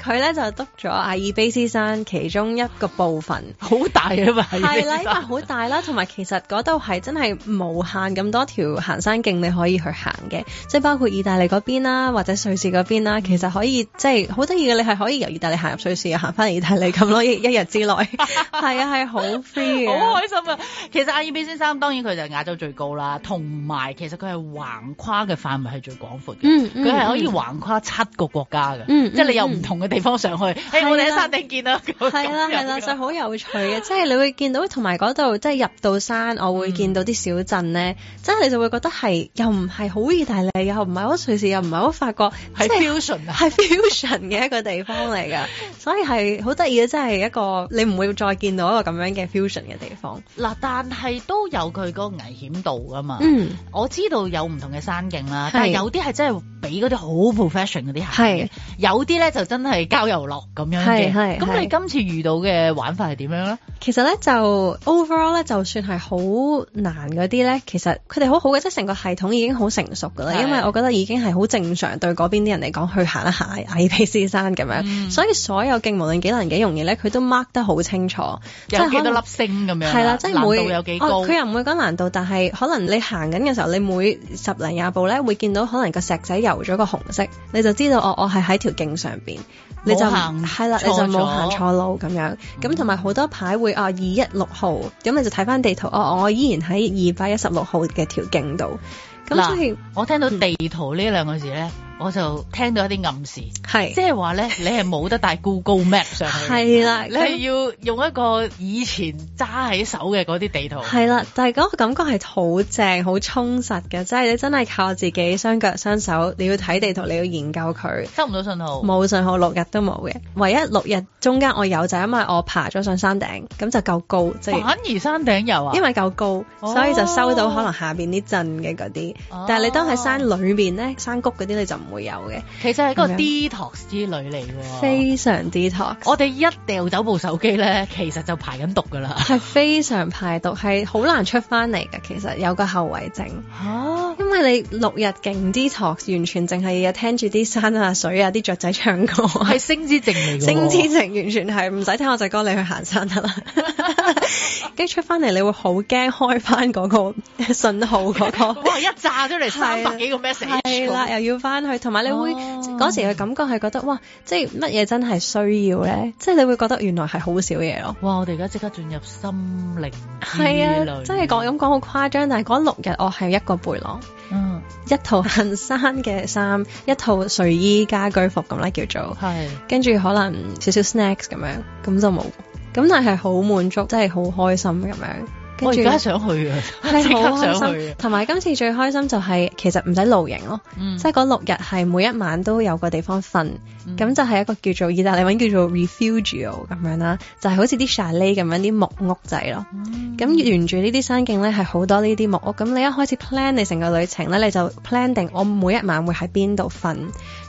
佢咧就篤咗亞爾卑斯山其中一個部分，好大啊嘛！係啦、啊，好說大啦，同埋其實嗰度係真係無限咁多條行山徑你可以去行嘅，即、就、係、是、包括意大利嗰邊啦、啊，或者瑞士嗰邊啦、啊，嗯、其實可以即係好得意嘅，你係可以由意大利行入瑞士啊，行翻嚟意大利咁多一日之內係啊係好 free 嘅， 好開心啊！其實亞爾卑斯山當然佢就係亞洲最高啦，同埋其實佢係橫跨嘅範圍係最廣闊嘅，佢係、嗯嗯、可以橫跨七個。國家嘅，嗯，即係你有唔同嘅地方上去。係我第喺山頂見到，係啦係啦，就好有趣嘅。即係你會見到，同埋嗰度即係入到山，我會見到啲小鎮咧。即係你就會覺得係又唔係好意大利，又唔係好瑞士，又唔係好法國，係 fusion 啊，係 fusion 嘅一個地方嚟㗎。所以係好得意嘅，即係一個你唔會再見到一個咁樣嘅 fusion 嘅地方。嗱，但係都有佢個危險度㗎嘛。嗯，我知道有唔同嘅山徑啦，但係有啲係真係。俾嗰啲好 professional 嗰啲行嘅，是有啲咧就真係郊遊樂咁樣嘅。咁你今次遇到嘅玩法係點樣咧？其實咧就 overall 咧，就算係好難嗰啲咧，嗯、其實佢哋好好嘅，即係成個系統已經好成熟㗎啦。是因為我覺得已經係好正常對嗰邊啲人嚟講去行一行阿爾卑斯山咁樣，嗯、所以所有勁無論幾難幾容易咧，佢都 mark 得好清楚，即係幾多粒星咁樣。係啦，即係、啊就是、每哦佢又唔會講難度，但係可能你行緊嘅時候，你每十零廿步咧會見到可能個石仔由。塗咗個紅色，你就知道我我係喺條徑上邊，你就係啦，你就冇行錯路咁樣。咁同埋好多牌會啊，二一六號，咁你就睇翻地圖哦，我依然喺二百一十六號嘅條徑度。咁所以我聽到地圖呢兩個字咧，嗯我就聽到一啲暗示，係即係話咧，你係冇得帶 Google Map 上去，係啦 的，你係要用一個以前揸喺手嘅嗰啲地圖，係啦，但係嗰個感覺係好正、好充實嘅，即係你真係靠自己雙腳雙手，你要睇地圖，你要研究佢，收唔到信號，冇信號六日都冇嘅，唯一六日中間我有就係因為我爬咗上山頂，咁就夠高，即反而山頂有啊，因為夠高，哦、所以就收到可能下邊啲鎮嘅嗰啲，哦、但係你當喺山裏面咧，山谷嗰啲你就。唔會有嘅，其實係嗰個 detox 之旅嚟嘅，非常 detox。 我哋一掉走部手機咧，其實就排緊毒㗎啦，係非常排毒，係好難出翻嚟嘅。其實有個後遺症，嚇、啊，因為你六日勁 detox，完全淨係聽住啲山啊水啊啲雀仔唱歌，係星之靜星之靜完全係唔使聽我隻歌，你去行山得啦。跟住 出翻嚟，你會好驚開翻嗰個信號嗰、那個， 哇！一炸出嚟三百幾個 message，係啦， 又要翻去。同埋你會嗰、哦、時嘅感覺係覺得哇，即係乜嘢真係需要咧？即係你會覺得原來係好少嘢咯。哇！我哋而家即刻進入心靈。係啊，真係講咁講好誇張，但係講六日我係一個背囊，嗯，一套行山嘅衫，一套睡衣家居服咁咧叫做係，跟住是可能少少 snacks 咁樣，咁就冇咁，但係好滿足，真係好開心咁樣。我而家想去啊，係啊好 想去。同埋今次最開心就係、是、其實唔使露營咯，嗯、即係嗰六日係每一晚都有個地方瞓。咁、嗯、就係一個叫做意大利文叫做 refugio 咁樣啦，就係、是、好似啲 chalet 咁樣啲木屋仔咯。咁、嗯、沿住呢啲山徑咧係好多呢啲木屋。咁你一開始 plan 你成個旅程咧，你就 plan 定我每一晚會喺邊度瞓。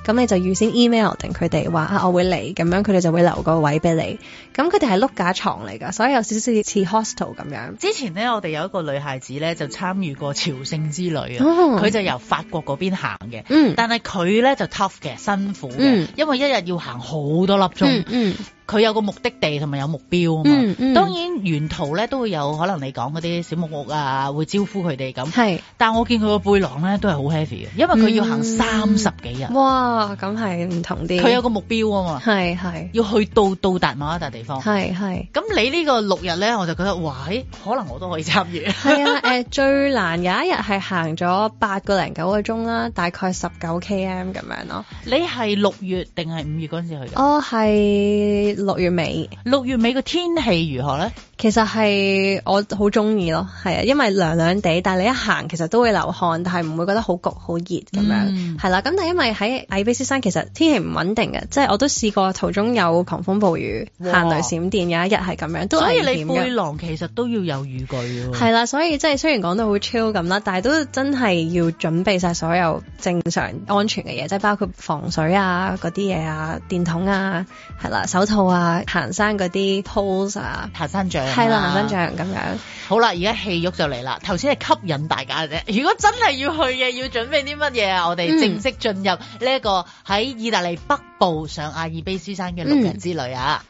咁你就預先 email 定佢哋話啊，我會嚟，咁樣佢哋就會留個位俾你。咁佢哋係碌架床嚟㗎，所以有少少似 hostel 咁樣。之前咧我哋有一個女孩子咧就參與過朝聖之旅啊，佢、哦、就由法國嗰邊行嘅。嗯，但係佢咧就 tough 嘅，辛苦嘅，嗯。因為一日要行好多粒鐘，嗯。嗯。佢有個目的地同埋有目標啊嘛，嗯嗯、當然沿途咧都會有可能你講嗰啲小木屋啊，會招呼佢哋咁。係是，但我見佢個背囊咧都係好 heavy 嘅，因為佢要行三十幾日、嗯。哇，咁係唔同啲。佢有個目標啊嘛，係係要去到到達某一笪地方。係係。咁你呢個六日咧，我就覺得哇，可能我都可以參與。係 啊，誒、呃，最難有一日係行咗八個零九個鐘啦，大概十九 km 咁樣咯。你係六月定係五月嗰陣時去？哦、oh,，係。月六月尾，六月尾個天氣如何咧？其實係我好中意咯，係啊，因為涼涼地，但係你一行其實都會流汗，但係唔會覺得好焗、好熱咁樣。係啦、嗯。咁但係因為喺阿爾卑斯山，其實天氣唔穩定嘅，即係我都試過途中有狂風暴雨、哦、行雷閃電有一日係咁樣，都危險㗎。所以你背囊其實都要有雨具㗎。係啦，所以即係雖然講到好 chill 咁啦，但係都真係要準備晒所有正常安全嘅嘢，即係包括防水啊、嗰啲嘢啊、電筒啊，係啦、手套。話行山嗰啲 tools 啊，行山杖係、啊啊、啦，行山杖咁樣。好啦，而家戲肉就嚟啦，頭先係吸引大家嘅啫。如果真係要去嘅，要準備啲乜嘢啊？嗯、我哋正式進入呢一個喺意大利北部上阿爾卑斯山嘅六日之旅啊！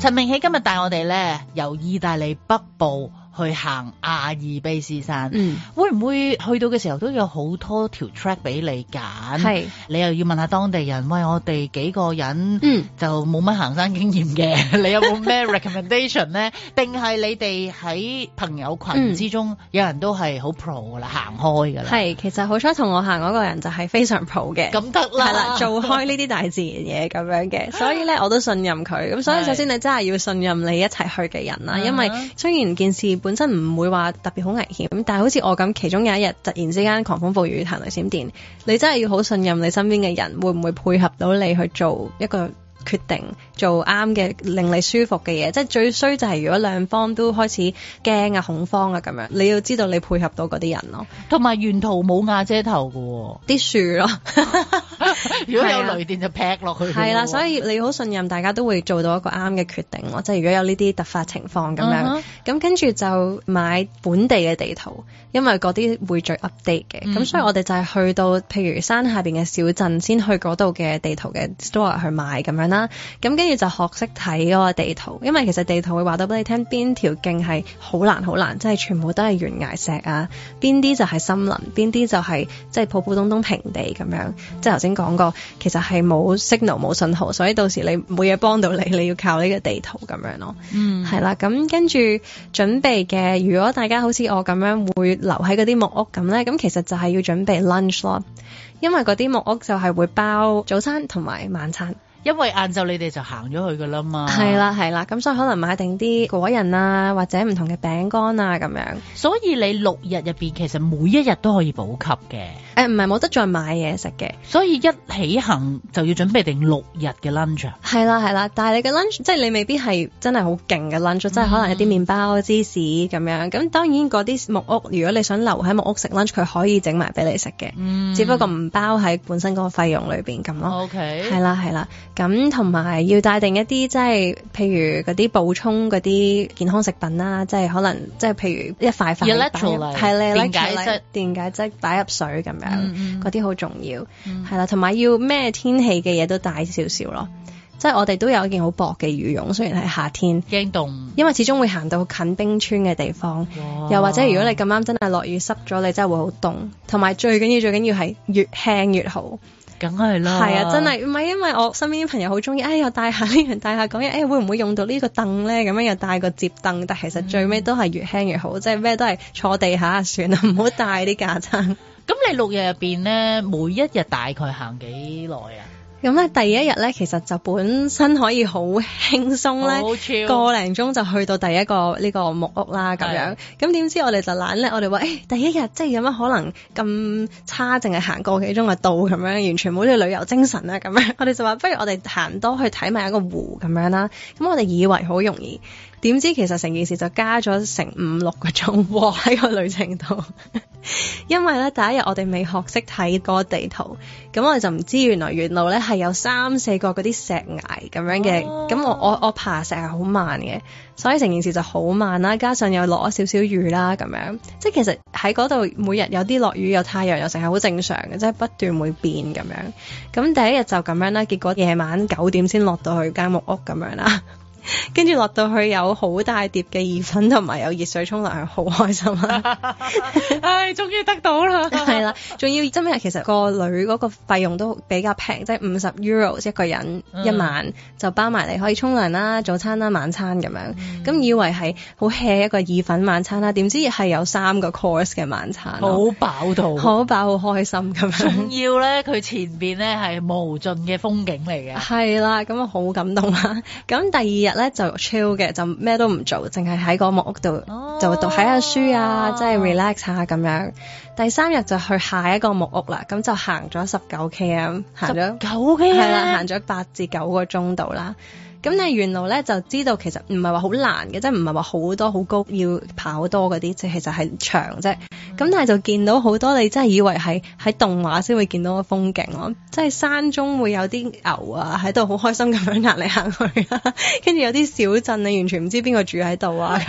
陳明、嗯、喜今日帶我哋咧由意大利北部。去行阿爾卑斯山，嗯，會唔會去到嘅時候都有好多條 track 俾你揀？係是，你又要問下當地人，喂，我哋幾個人嗯，就冇乜行山經驗嘅， 你有冇咩 recommendation 咧？定係你哋喺朋友群之中有人都係好 pro 噶啦，行、嗯、開噶啦。係，其實好彩同我行嗰個人就係非常 pro 嘅，咁得啦，係啦，做開呢啲大自然嘢咁樣嘅，所以咧我都信任佢。咁 所以首先你真係要信任你一齊去嘅人啦，因為雖然件事本身唔會話特別好危險，但係好似我咁，其中有一日突然之間狂風暴雨，行雷閃電，你真係要好信任你身邊嘅人，會唔會配合到你去做一個。決定做啱嘅令你舒服嘅嘢，即係最衰就係如果兩方都開始驚啊，恐慌啊，咁樣，你要知道你配合到嗰啲人咯。同埋沿途冇瓦遮頭㗎喎、哦，啲樹咯。 如果有雷電就劈落去。係啦、啊啊，所以你好信任大家都會做到一個啱嘅決定咯。即係如果有呢啲突發情況咁、嗯、哼樣，咁跟住就買本地嘅地圖，因為嗰啲會最 update 嘅。咁、嗯、哼所以我哋就係去到譬如山下邊嘅小鎮先去嗰度嘅地圖嘅 store 去買咁樣啦。咁跟住就學識睇嗰個地圖，因為其實地圖會話到俾你聽邊條徑係好難，好難，即係全部都係懸崖石啊。邊啲就係森林，邊啲就係即係普普通通平地咁樣。即係頭先講過，其實係冇 signal 冇信號，所以到時你冇嘢幫到你，你要靠呢個地圖咁樣咯。嗯，係啦，咁跟住準備嘅。如果大家好似我咁樣會留喺嗰啲木屋咁咧，咁其實就係要準備 lunch 咯，因為嗰啲木屋就係會包早餐同埋晚餐。因為晏晝你哋就行咗去㗎啦嘛，係啦係啦，咁所以可能買定啲果仁啊，或者唔同嘅餅乾啊咁樣。所以你六日入邊其實每一日都可以補給嘅。誒唔係冇得再買嘢食嘅，所以一起行就要準備定六日嘅 lunch 啊。係啦係啦，但係你嘅 lunch 即係你未必係真係好勁嘅 lunch，即係可能一啲麵包、芝士咁樣。咁當然嗰啲木屋，如果你想留喺木屋食 lunch，佢可以整埋俾你食嘅，只不過唔包喺本身嗰個費用裏邊咁咯。OK，係啦係啦，咁同埋要帶定一啲即係譬如嗰啲補充嗰啲健康食品啦，即係可能即係譬如一塊塊，係你，解釋電解質擺入水咁樣。嗰啲好重要，係啦、嗯，同埋要咩天氣嘅嘢都帶少少咯。嗯、即係我哋都有一件好薄嘅羽絨，雖然係夏天，驚凍冷，因為始終會行到近冰川嘅地方，哇又或者如果你咁啱真係落雨濕咗，你真係會好凍。同埋最緊要最緊要係越輕越好，梗係啦，係啊，真係唔係因為我身邊啲朋友好中意，哎，我帶下呢樣，帶下講嘢，哎，會唔會用到個呢個凳咧？咁樣又帶個折凳，但其實最尾都係越輕越好，嗯、即係咩都係坐地下算啦，唔好帶啲架撐。咁你六日入邊咧，每一日大概行幾耐啊？咁咧、嗯，第一日咧，其實就本身可以好輕鬆咧，個零鐘就去到第一個呢個木屋啦，咁的樣。咁點知我哋就懶咧，我哋話誒，第一日即係有乜可能咁差，淨係行個幾鐘就到咁樣，完全冇呢個旅遊精神啦咁樣。我哋就話，不如我哋行多去睇埋一個湖咁樣啦。咁我哋以為好容易。點知其實成件事就加咗成五六個鐘喎喺個旅程度， 因為咧第一日我哋未學識睇嗰個地圖，咁我哋就唔知原來沿路咧係有三四個嗰啲石崖咁樣嘅，咁、哦嗯、我我我爬石係好慢嘅，所以成件事就好慢啦，加上又落咗少少雨啦咁樣，即係其實喺嗰度每日有啲落雨，有太陽又成日好正常嘅，即係不斷會變咁樣。咁第一日就咁樣啦，結果夜晚九點先落到去間木屋咁樣啦。 跟住落到去有好大碟嘅意粉同埋有熱水沖涼，係好開心啊！唉、 哎，終於得到 啦！係啦，仲要今日其實個女嗰個費用都比較平，即、就、係、是、五十 Euro 一個人一晚、嗯、就包埋你可以沖涼啦、早餐啦、晚餐咁樣。咁、嗯、以為係好 hea 一個意粉晚餐啦，點知係有三個 course 嘅晚餐，好飽到，好、嗯、飽好開心咁樣。仲要咧，佢前邊咧係無盡嘅風景嚟嘅。係啦，咁啊好感動啦、啊。咁 第二日。咧就 chill 嘅，就咩都唔做，淨係喺個木屋度、oh. 就讀睇下書啊，oh. 即係 relax 下咁樣。第三日就去下一個木屋啦，咁就行咗十九 km，行咗九 km，係啦，行咗八至九個鐘度啦。咁你沿路咧就知道，其實唔係話好難嘅，即係唔係話好多好高要跑多嗰啲，即係其實係長啫。咁但係就見到好多你真係以為係喺動畫先會見到嘅風景咯，即係山中會有啲牛啊喺度好開心咁樣行嚟行去，跟 住有啲小鎮你完全唔知邊個住喺度啊，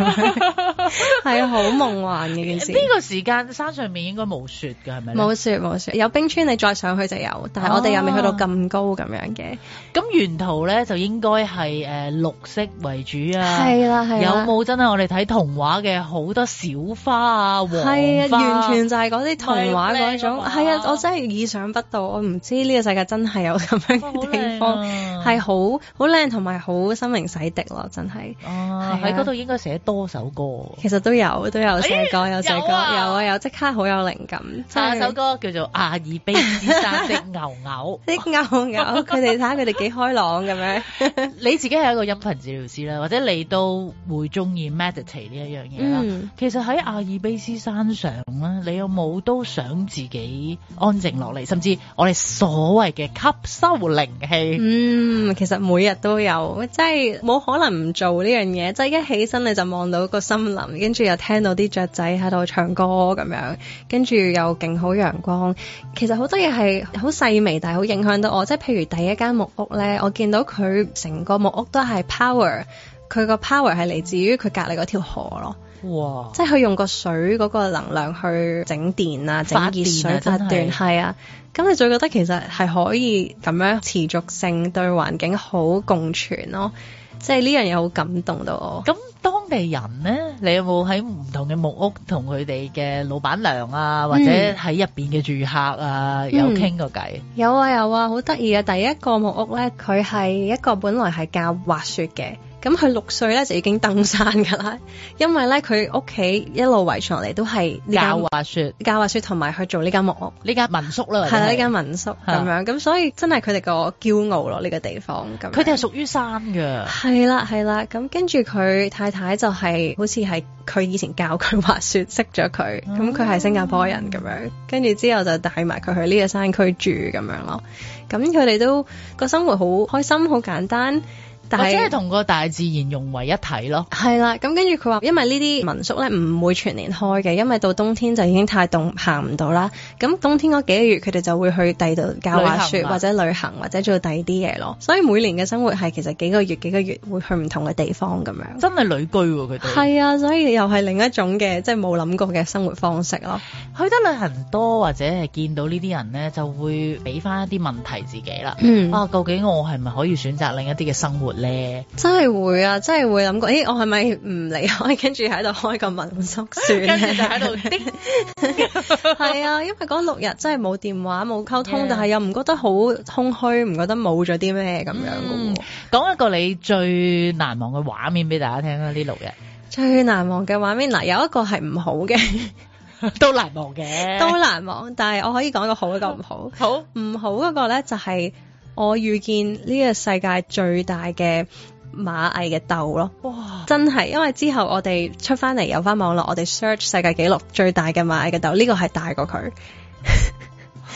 係啊，好夢幻嘅件事。呢個時間山上面應該冇雪㗎，係咪？冇雪冇雪，有冰川你再上去就有，但係我哋又未去到咁高咁樣嘅。咁沿途咧就應該係誒綠色為主啊，係啦係啦。有冇真係我哋睇童話嘅好多小花啊？係啊，完全就係嗰啲童話嗰種係啊！我真係意想不到，我唔知呢個世界真係有咁樣嘅地方，係好好靚同埋好心靈洗滴咯，真係。喺嗰度應該寫多首歌，其實都有都有寫歌，有寫歌，有啊，有即刻好有靈感，唱首歌叫做《阿爾卑斯山的牛牛》。啲牛牛，佢哋睇下佢哋幾？開朗咁樣， 你自己係一個音頻治療師啦，或者你都會中意 meditate 呢一樣嘢啦。嗯、其實喺阿爾卑斯山上咧，你有冇都想自己安靜落嚟，甚至我哋所謂嘅吸收靈氣？嗯，其實每日都有，即係冇可能唔做呢樣嘢。即係一起身你就望到個森林，跟住又聽到啲雀仔喺度唱歌咁樣，跟住又勁好陽光。其實好多嘢係好細微，但係好影響到我。即係譬如第一間木屋。咧，我見到佢成個木屋都係 power，佢個 power 係嚟自於佢隔籬嗰條河咯。哇！即係佢用個水嗰個能量去整電，整電啊，整熱水發電。係啊，咁你最覺得其實係可以咁樣持續性對環境好共存咯，啊。即係呢樣嘢好感動到我。咁當地人咧，你有冇喺唔同嘅木屋同佢哋嘅老闆娘啊，或者喺入邊嘅住客啊，嗯、有傾過偈、嗯？有啊，有啊，好得意啊！第一個木屋咧，佢係一個本來係教滑雪嘅。咁佢六歲咧就已經登山噶啦，因為咧佢屋企一路遺傳落嚟都係教滑雪，教滑雪同埋去做呢間木屋，呢間民宿啦，係啦呢間民宿咁的樣，咁所以真係佢哋個驕傲咯呢、這個地方。咁佢哋係屬於山噶，係啦係啦。咁跟住佢太太就係、是、好似係佢以前教佢滑雪識咗佢，咁佢係新加坡人咁樣，跟住之後就帶埋佢去呢個山區住咁樣咯。咁佢哋都、那個生活好開心，好簡單。即係同個大自然融為一體咯。係啦，咁跟住佢話，因為呢啲民宿咧唔會全年開嘅，因為到冬天就已經太凍行唔到啦。咁冬天嗰幾個月佢哋就會去第二度教滑雪或者旅行或者做第二啲嘢咯。所以每年嘅生活係其實幾個月幾個月會去唔同嘅地方咁樣。真係旅居喎、啊、佢哋。係啊，所以又係另一種嘅即係冇諗過嘅生活方式咯。去得旅行多或者係見到呢啲人咧，就會俾翻一啲問題自己啦。嗯、啊，究竟我係咪可以選擇另一啲嘅生活？咧真係會啊，真係會諗過，誒，我係咪唔離開，跟住喺度開個民宿算咧？ 跟住就喺度啲係啊，因為嗰六日真係冇電話冇溝通，Yeah. 但係又唔覺得好空虛，唔覺得冇咗啲咩咁樣嘅。講一個你最難忘嘅畫面俾大家聽啊。呢六日最難忘嘅畫面嗱、呃，有一個係唔好嘅， 都難忘嘅，都難忘。但係我可以講一個好一個唔好， 好唔好嗰個咧就係、是。我遇見呢個世界最大嘅螞蟻嘅竇咯，哇！真係，因為之後我哋出翻嚟有翻網絡，我哋 search 世界紀錄最大嘅螞蟻嘅竇，呢個係大過佢，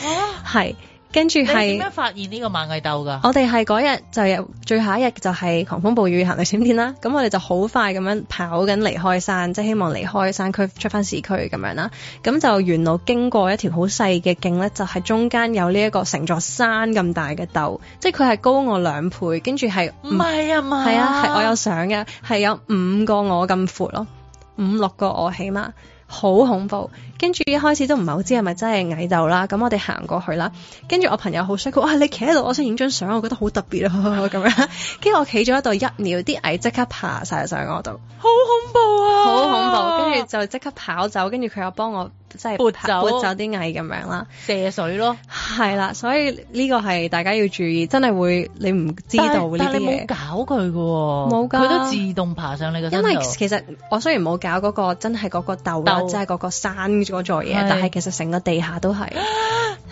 係 哇。 跟住係點樣發現呢個螞蟻竇㗎？我哋係嗰日就有最後一日就係狂風暴雨行雷閃電啦，咁我哋就好快咁樣跑緊離開山，即係希望離開山區出翻市區咁樣啦。咁就沿路經過一條好細嘅徑咧，就係、是、中間有呢一個成座山咁大嘅竇，即係佢係高我兩倍，跟住係唔係啊？唔係啊！係我有相嘅，係有五個我咁闊咯，五六個我起碼，好恐怖。跟住一開始都唔係好知係咪真係蟻竇啦，咁我哋行過去啦。跟住我朋友好衰，佢，哇你企喺度，我想影張相，我覺得好特別啊咁樣。跟住我企咗喺度一秒，啲蟻即刻爬晒上我度，好恐怖啊！好恐怖。跟住、啊、就即刻跑走，跟住佢又幫我即係撥走啲蟻咁樣啦，射水咯，係啦。所以呢個係大家要注意，真係會你唔知道呢啲嘢。你冇但搞佢嘅喎，冇㗎的。佢都自動爬上你個。因為其實我雖然冇搞嗰、嗰個真係嗰個竇啦，即係嗰個山。我做嘢，但係其實成個地下都係，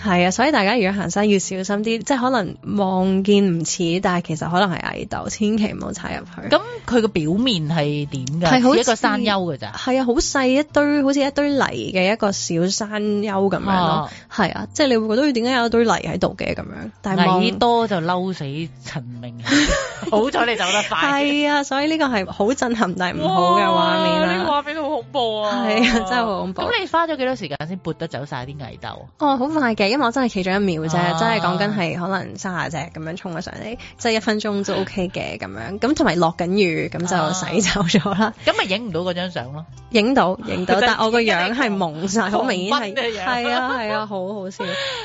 係啊， 所以大家如果行山要小心啲，即係可能望見唔似，但係其實可能係矮豆，千祈唔好踩入去。咁佢個表面係點噶？係好似一個山丘噶咋？係啊，好細一堆，好似一堆泥嘅一個小山丘咁樣咯。係啊、哦，即係你會覺得點解有一堆泥喺度嘅咁樣？但泥多就嬲死陳明。 好彩你走得快。係啊，所以呢個係好震撼但係唔好嘅畫面，呢啲畫面好恐怖啊！係啊，真係好恐怖。咁你花咗幾多時間先撥得走晒啲蟻竇？哦，好快嘅，因為我真係企咗一秒啫，真係講緊係可能三下隻咁樣衝咗上嚟，即係一分鐘都 OK 嘅咁樣。咁同埋落緊雨，咁就洗走咗啦。咁咪影唔到嗰張相咯？影到，影到，但我個樣係蒙晒，好明顯係。係啊係啊，好好笑。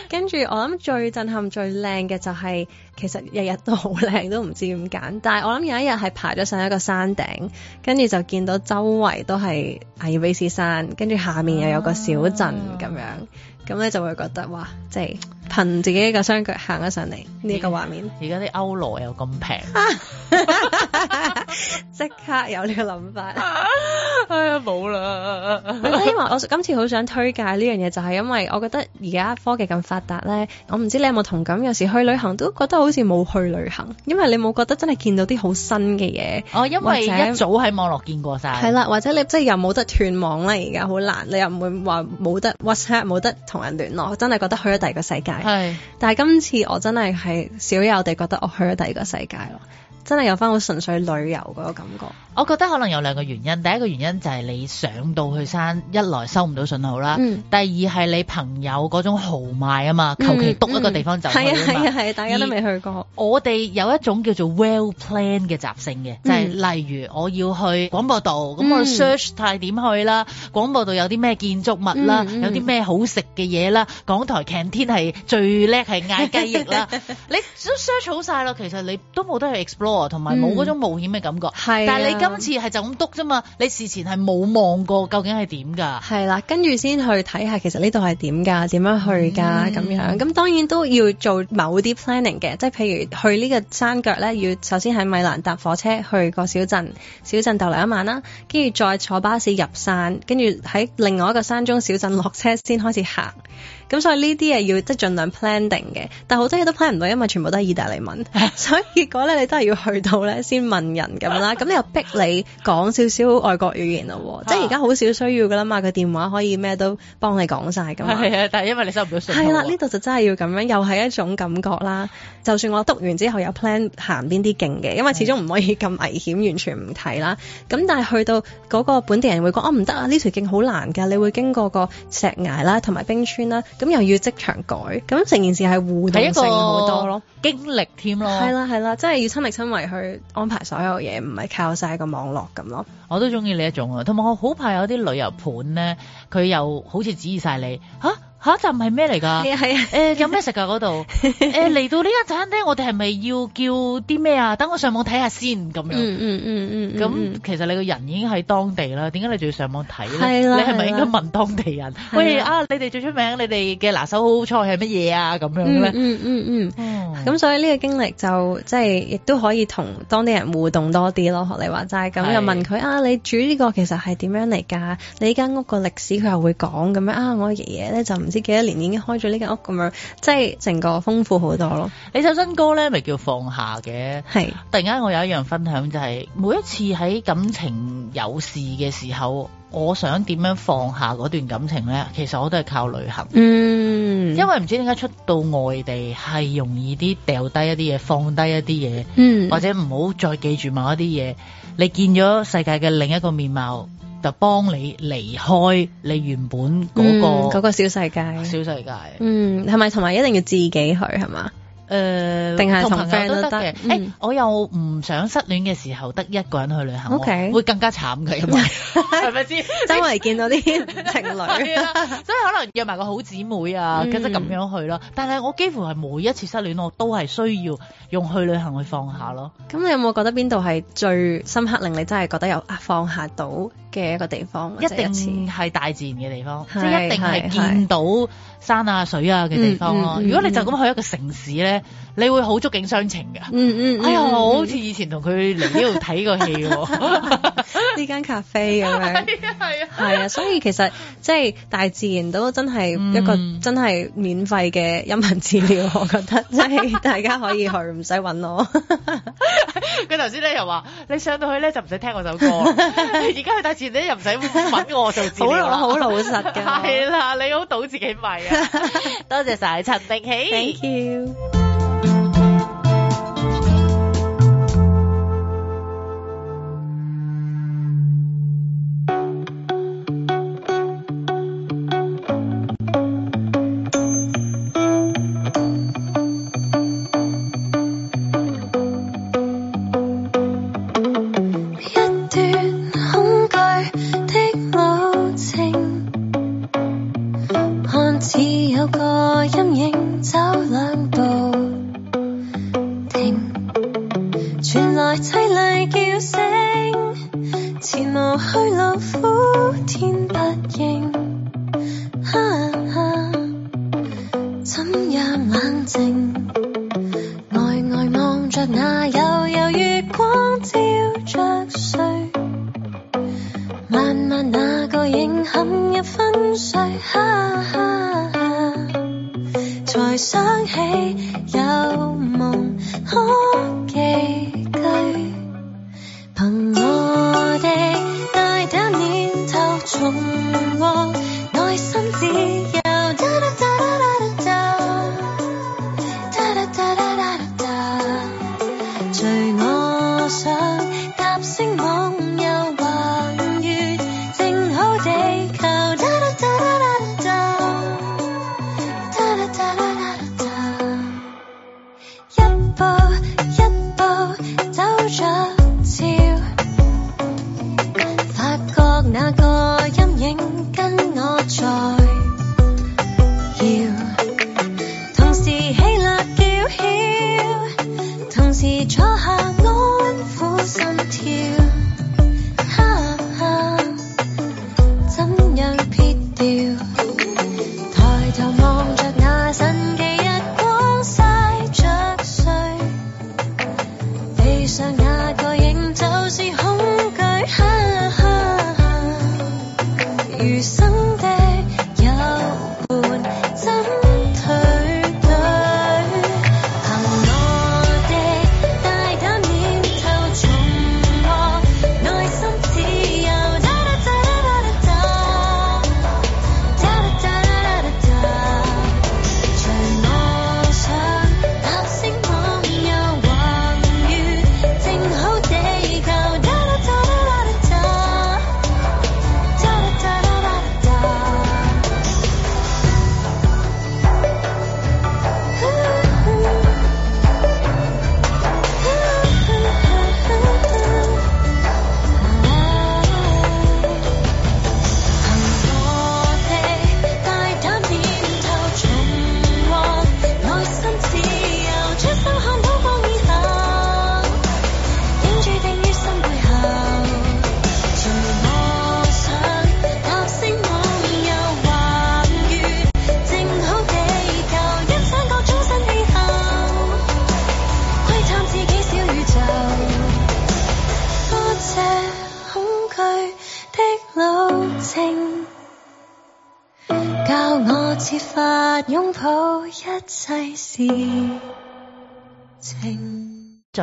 跟住我諗最震撼最靚嘅就係。其實日日都好靚，都唔知點揀。但係我諗有一日係爬咗上一個山頂，跟住就見到周圍都係阿爾卑斯山，跟住下面又有個小鎮咁、啊、樣，咁咧就會覺得哇，即係～憑自己雙腳、嘅雙腳行咗上嚟呢個畫面，而家啲歐羅又咁平，即 刻有呢個諗法。哎冇啦。因為 我今次好想推介呢樣嘢，就係、是、因為我覺得而家科技咁發達呢，我唔知你有冇同感。有時去旅行都覺得好似冇去旅行，因為你冇覺得真係見到啲好新嘅嘢。哦，因為，者因為一早喺網絡見過晒。係啦，或者你即係又冇得斷網啦。而家好難，你又唔會話冇得 WhatsApp，冇得同人聯絡，真係覺得去咗第二個世界。係，是但係今次我真係係少有地覺得我去咗第二個世界咯，真係有返好純粹旅遊嘅感覺。我覺得可能有兩個原因，第一個原因就係你上到去山，一來收唔到信號啦；嗯、第二係你朋友嗰種豪邁啊嘛，求其篤一個地方就係啊，係啊、嗯，係、嗯，大家都未去過。我哋有一種叫做 well plan 嘅習性嘅，就係、是、例如我要去廣播道咁、嗯嗯、我 search 下點去啦，廣播道有啲咩建築物啦，嗯嗯、有啲咩好食嘅嘢啦，港台 canteen 係最叻係嗌雞翼啦， 你都 search 好晒咯，其實你都冇得去 explore，同埋冇嗰種冒險嘅感覺。嗯、但係你今今次係就咁篤啫嘛，你事前係冇望過究竟係點㗎？係啦，跟住先去睇下其實呢度係點㗎，點樣去㗎咁、嗯、樣。咁當然都要做某啲 planning 嘅，即係譬如去呢個山腳咧，要首先喺米蘭搭火車去個小鎮，小鎮逗留一晚啦，跟住再坐巴士入山，跟住喺另外一個山中小鎮落車先開始行。咁、嗯、所以呢啲誒要即係盡量 planning 嘅，但係好多嘢都 plan 唔到，因為全部都係意大利文， 所以結果咧你都係要去到咧先問人咁啦。咁 你又逼你講少少外國語言咯喎，即係而家好少需要噶啦嘛，個電話可以咩都幫你講晒噶嘛。係啊， 但係因為你收唔到訊號係啦，呢度、嗯、就真係要咁樣，又係一種感覺啦。就算我讀完之後有 plan 行邊啲徑嘅，因為始終唔可以咁危險，完全唔睇啦。咁但係去到嗰個本地人會講，哦唔得啊，呢條徑好難㗎，你會經過個石崖啦，同埋冰川啦。咁又要即場改，咁成件事係互動性好多咯，經歷添咯，係 啦係啦，啦，真係要親力親為去安排所有嘢，唔係靠晒個網絡咁咯。我都中意呢一種啊，同埋我好怕有啲旅遊盤咧，佢又好似指意晒你嚇。啊下一站係咩嚟㗎？誒有咩食㗎嗰度？誒嚟到呢間餐廳，我哋係咪要叫啲咩啊？等我上網睇下先咁樣。嗯嗯嗯嗯。咁其實你個人已經喺當地啦，點解你仲要上網睇咧？係啦。你係咪應該問當地人？喂啊，你哋最出名，你哋嘅拿手好菜係乜嘢啊？咁樣咧。嗯嗯嗯。咁所以呢個經歷就即係亦都可以同當地人互動多啲咯。學你話齋咁，又問佢啊，你煮呢個其實係點樣嚟㗎？你間屋個歷史佢又會講咁樣啊。我爺爺咧就。唔知幾多年已經開咗呢間屋咁樣，即係成個豐富好多咯。你首新歌咧，咪叫放下嘅？係。突然間，我有一樣分享，就係每一次喺感情有事嘅時候，我想點樣放下嗰段感情咧？其實我都係靠旅行。嗯。因為唔知點解出到外地係容易啲掉低一啲嘢，放低一啲嘢。嗯。或者唔好再記住某一啲嘢，你見咗世界嘅另一個面貌。就幫你離開你原本嗰個嗰、嗯嗰個小世界，小世界，嗯，係咪同埋一定要自己去係嘛？誒，定係同朋友都得嘅。誒，我又唔想失戀嘅時候得一個人去旅行，會更加慘嘅，係咪先？周圍見到啲情侶，所以可能約埋個好姊妹啊，咁即係咁樣去咯。但係我幾乎係每一次失戀，我都係需要用去旅行去放下咯。咁你有冇覺得邊度係最深刻令你真係覺得有啊放下到嘅一個地方？一定係大自然嘅地方，即係一定係見到山啊、水啊嘅地方咯。如果你就咁去一個城市咧～你會好觸景傷情嘅，哎呀，好似以前同佢嚟呢度睇過戲，呢間咖啡咁樣，係 啊，係啊， 所以其實即係、就是、大自然都真係一個、嗯、真係免費嘅音頻治療，我覺得真係 大家可以去，唔使揾我。佢頭先咧又話你上到去咧就唔使聽我首歌，而家 去大自然咧又唔使揾我做治療，好老，老實嘅，係啦，你好倒自己迷啊，多謝晒陳明喜，Thank you。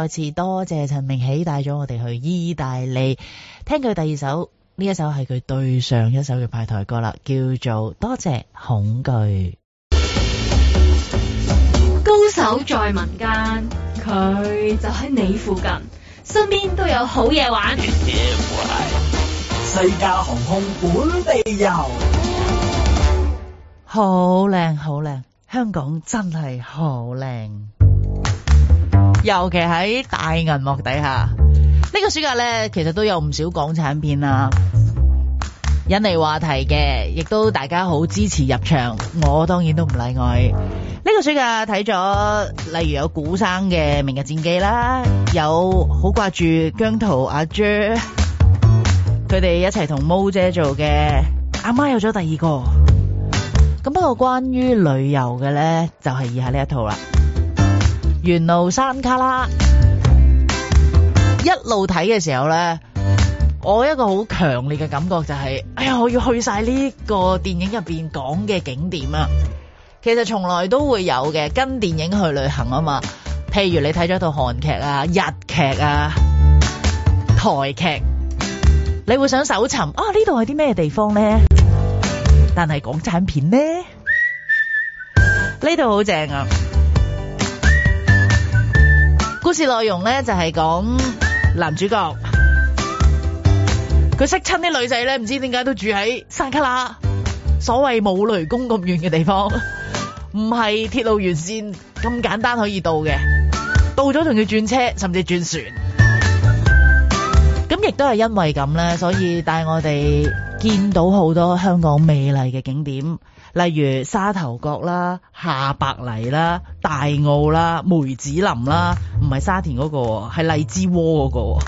再次多謝陳明喜帶咗我哋去意大利，聽佢第二首，呢一首係佢對上一首嘅派台歌啦，叫做《多謝恐懼》。高手在民間，佢就喺你附近，身邊都有好嘢玩。 西加航空本地遊，好靚好靚，香港真係好靚。尤其喺大銀幕底下，呢個暑假咧，其實都有唔少港產片啦，引嚟話題嘅，亦都大家好支持入場，我當然都唔例外。呢個暑假睇咗，例如有古生嘅《明日戰記》啦，有好掛住姜濤阿 Jer，佢哋一齊同毛姐做嘅《阿媽有咗第二個》。咁不過關於旅遊嘅咧，就係以下呢一套啦。沿路山卡拉，一路睇嘅時候咧，我一個好強烈嘅感覺就係、是，哎呀，我要去晒呢個電影入邊講嘅景點啊！其實從來都會有嘅，跟電影去旅行啊嘛。譬如你睇咗套韓劇啊、日劇啊、台劇，你會想搜尋啊，呢度係啲咩地方咧？但係港產片咧，呢度好正啊！故事內容咧就係講男主角，佢識親啲女仔咧，唔知點解都住喺山卡拉，所謂冇雷公咁遠嘅地方，唔係鐵路沿線咁簡單可以到嘅，到咗仲要轉車甚至轉船。咁亦都係因為咁咧，所以帶我哋見到好多香港美麗嘅景點。例如沙頭角啦、下白泥啦、大澳啦、梅子林啦，唔係沙田嗰個，係荔枝窩嗰個，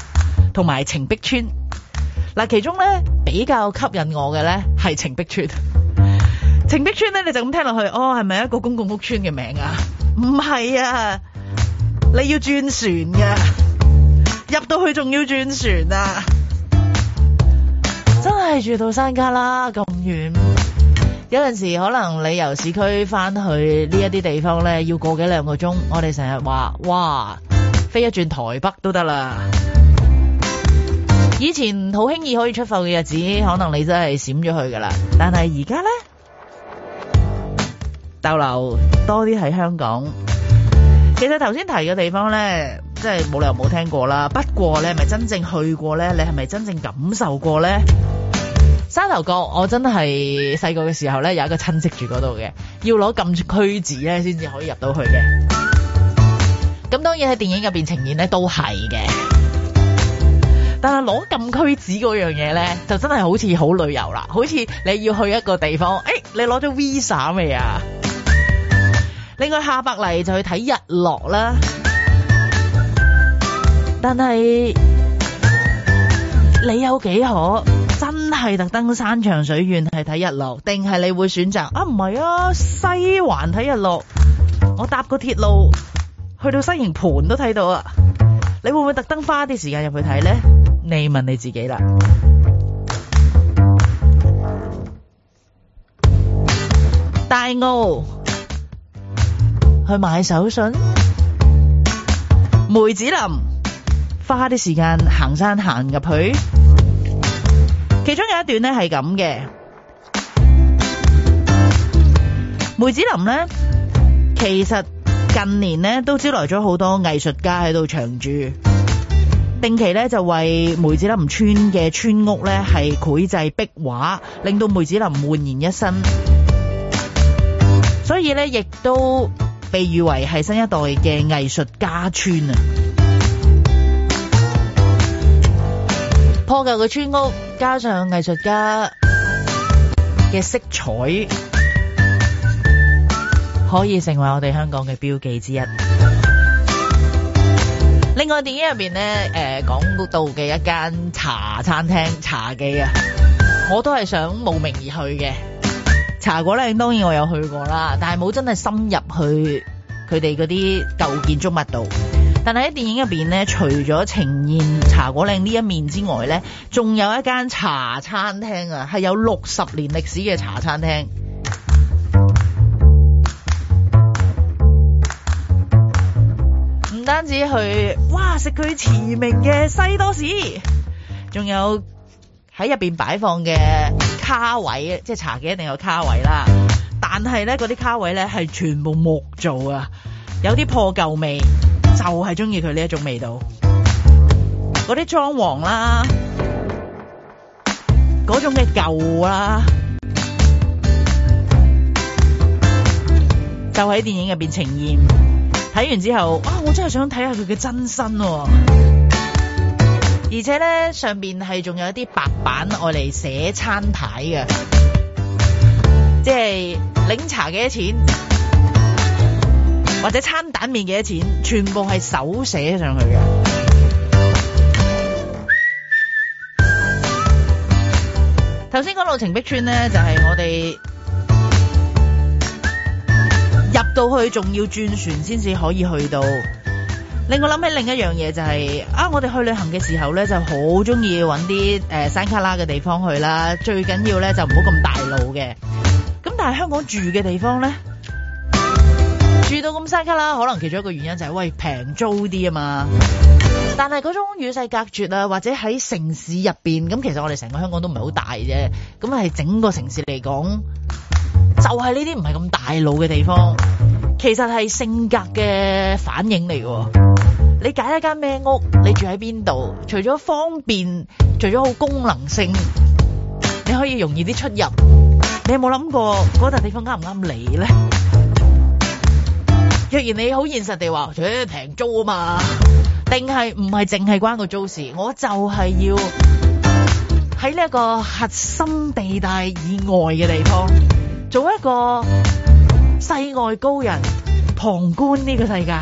同埋澄碧村。嗱，其中咧比較吸引我嘅咧係澄碧村。澄 碧村咧，你就咁聽落去，哦，係咪一個公共屋邨嘅名啊？唔係啊，你要轉船嘅，入到去仲要轉船啊！真係住到山家啦，咁遠。有陣時可能你由市區翻去呢一啲地方咧，要過幾兩個鐘。我哋成日話，哇，飛一轉台北都得啦。以前好輕易可以出埠嘅日子，可能你真係閃咗去噶啦。但係而家咧，逗留多啲喺香港。其實頭先提嘅地方咧，即係冇理由冇聽過啦。不過你係咪真正去過咧？你係咪真正感受過咧？沙頭角，我真係細個嘅時候咧，有一個親戚住嗰度嘅，要攞禁區紙咧，先至可以入到去嘅。咁當然喺電影入邊呈現咧，都係嘅。但係攞禁區紙嗰樣嘢咧，就真係好似好旅遊啦，好似你要去一個地方，誒、哎，你攞咗 Visa 未啊？另外下百嚟就去睇日落啦。但係你有幾可？真係特登山長水遠係睇日落，定係你會選擇啊？唔係啊，西環睇日落，我搭個鐵路去到西營盤都睇到啊！你會唔會特登花啲時間入去睇呢？你問你自己啦。大澳去買手信，梅子林花啲時間行山行入去。其中有一段咧，係咁嘅，梅子林咧，其實近年咧都招來咗好多藝術家喺度長住，定期咧就為梅子林村嘅村屋咧，係繪製壁畫，令到梅子林煥然一新，所以咧亦都被譽為係新一代嘅藝術家村啊！破舊嘅村屋。加上藝術家嘅色彩，可以成為我哋香港嘅標記之一。另外，電影入邊咧，誒、呃、講到嘅一間茶餐廳、茶記啊，我都係想慕名而去嘅。茶果嶺，當然我有去過啦，但係冇真係深入去佢哋嗰啲舊建築物度。但係喺電影入邊咧，除咗呈現茶果嶺呢一面之外咧，仲有一間茶餐廳啊，係有六十年歷史嘅茶餐廳。唔 單止去，哇，食佢馳名嘅西多士，仲有喺入邊擺放嘅卡位，即係茶几一定有卡位啦。但係咧，嗰啲卡位咧係全部木做啊，有啲破舊味。就係中意佢呢一種味道，嗰啲裝潢啦，嗰種嘅舊啦，就喺電影入邊呈現。睇完之後，哇！我真係想睇下佢嘅真身喎、啊。而且咧，上邊係仲有一啲白板，用嚟寫餐牌嘅，即係檸茶幾多錢？或者餐蛋麵幾多錢？全部係手寫上去嘅。頭先講到澄碧村咧，就係、是、我哋入到去仲要轉船先至可以去到。令我諗起另一樣嘢就係、是、啊，我哋去旅行嘅時候咧，就好中意揾啲誒山卡拉嘅地方去啦。最緊要咧就唔好咁大路嘅。咁但係香港住嘅地方咧？住到咁山旮旯，可能其中一個原因就係、是、喂平租啲啊嘛。但係嗰種與世隔絕啊，或者喺城市入邊，咁其實我哋成個香港都唔係好大啫。咁係整個城市嚟講，就係呢啲唔係咁大路嘅地方，其實係性格嘅反映嚟嘅。你揀一間咩屋，你住喺邊度？除咗方便，除咗好功能性，你可以容易啲出入。你有冇諗過嗰笪、那個、地方啱唔啱你咧？若然你好現實地話，除咗平租啊嘛，定係唔係淨係關個租事？我就係要喺呢一個核心地帶以外嘅地方，做一個世外高人旁觀呢個世界。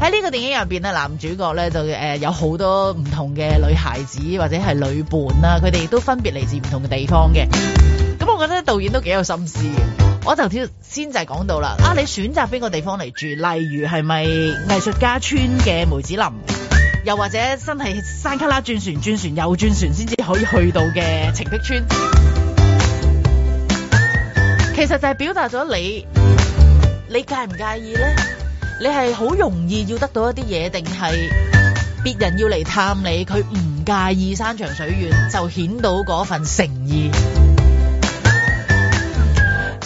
喺呢 個電影入邊咧，男主角咧就誒有好多唔同嘅女孩子或者係女伴啦，佢哋都分別嚟自唔同嘅地方嘅。我覺得導演都幾有心思，我頭先就講到啦，啊，你選擇邊個地方嚟住，例如係咪藝術家村嘅梅子林，又或者真係山卡拉轉船，轉船又轉船先至可以去到嘅澄碧村。其實就係表達咗你，你介唔介意呢？你係好容易要得到一啲嘢，定係別人要嚟探你，佢唔介意山長水遠，就顯到嗰份誠意。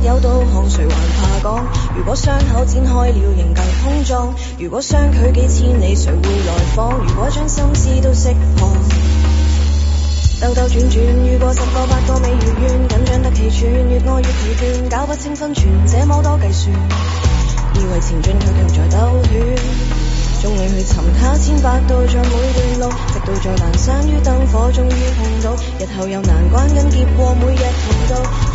有刀漢，誰還怕講？如果傷口展開了，仍舊碰撞。如果相距幾千里，誰會來訪？如果將心思都釋放。兜兜轉轉，遇過十個八個美如願，緊張得氣喘，越愛越疲倦，搞不清分寸，這麼多計算，以為前進卻又在兜圈。眾裏去尋他千百度。像每段路，直到再誕生於燈火，終於碰到，日後又難關緊劫過，每日碰到。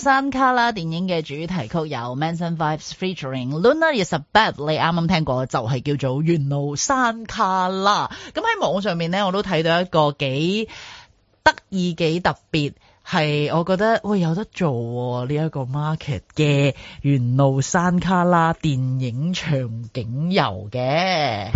山卡拉電影嘅主題曲有 Manson Vibes Featuring Lunar is a Bad，你啱啱聽過就係、是、叫做《沿路山卡拉》。咁喺網上面咧，我都睇到一個幾得意、幾特別，係我覺得喂有得做呢、哦、一、這個 market 嘅沿路山卡拉電影場景遊嘅。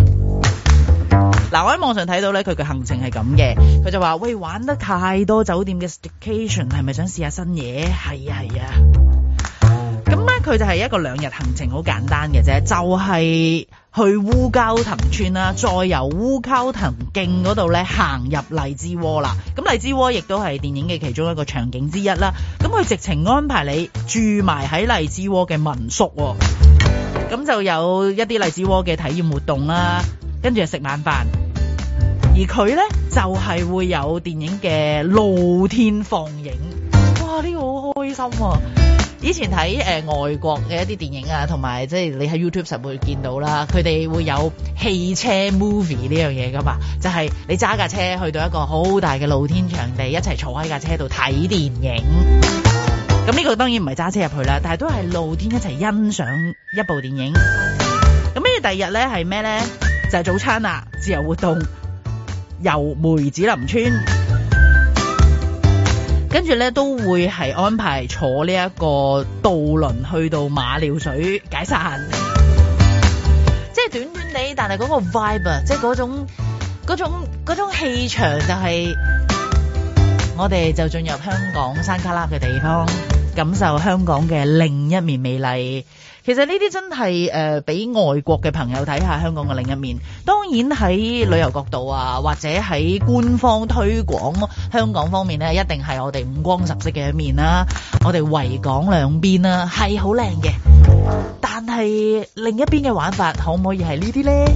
嗱，我喺網上睇到咧，佢嘅行程係咁嘅，佢就話：喂，玩得太多酒店嘅 staycation 係咪想試下新嘢？係啊係啊。咁咧、啊，佢就係一個兩日行程，好簡單嘅啫，就係、是、去烏蛟騰村啦，再由烏蛟騰徑嗰度咧行入荔枝窩啦。咁荔枝窩亦都係電影嘅其中一個場景之一啦。咁佢直情安排你住埋喺荔枝窩嘅民宿，咁就有一啲荔枝窩嘅體驗活動啦，跟住食晚飯。而佢呢，就係會有電影嘅露天放映，哇！呢個好開心啊。以前睇誒外國嘅一啲電影啊，同埋即係你喺 YouTube 上會見到啦，佢哋會有汽車 movie 呢樣嘢噶嘛，就係你揸架車去到一個好大嘅露天場地，一齊坐喺架車度睇電影。咁呢個當然唔係揸車入去啦，但係都係露天一齊欣賞一部電影。咁咧，第二日呢，係咩呢？就係早餐啦，自由活動。由梅子林村，跟住咧都會係安排坐呢一個渡輪去到馬料水解散，即係短短地，但係嗰個 vibe，即係嗰種嗰種嗰種氣場就係、是，我哋就進入香港山卡拉嘅地方，感受香港嘅另一面美麗。其實呢啲真係誒，俾、呃、外國嘅朋友睇下香港嘅另一面。當然喺旅遊角度啊，或者喺官方推廣香港方面呢，一定係我哋五光十色嘅一面啦、啊。我哋維港兩邊啦、啊，係好靚嘅。但係另一邊嘅玩法可唔可以係呢啲呢？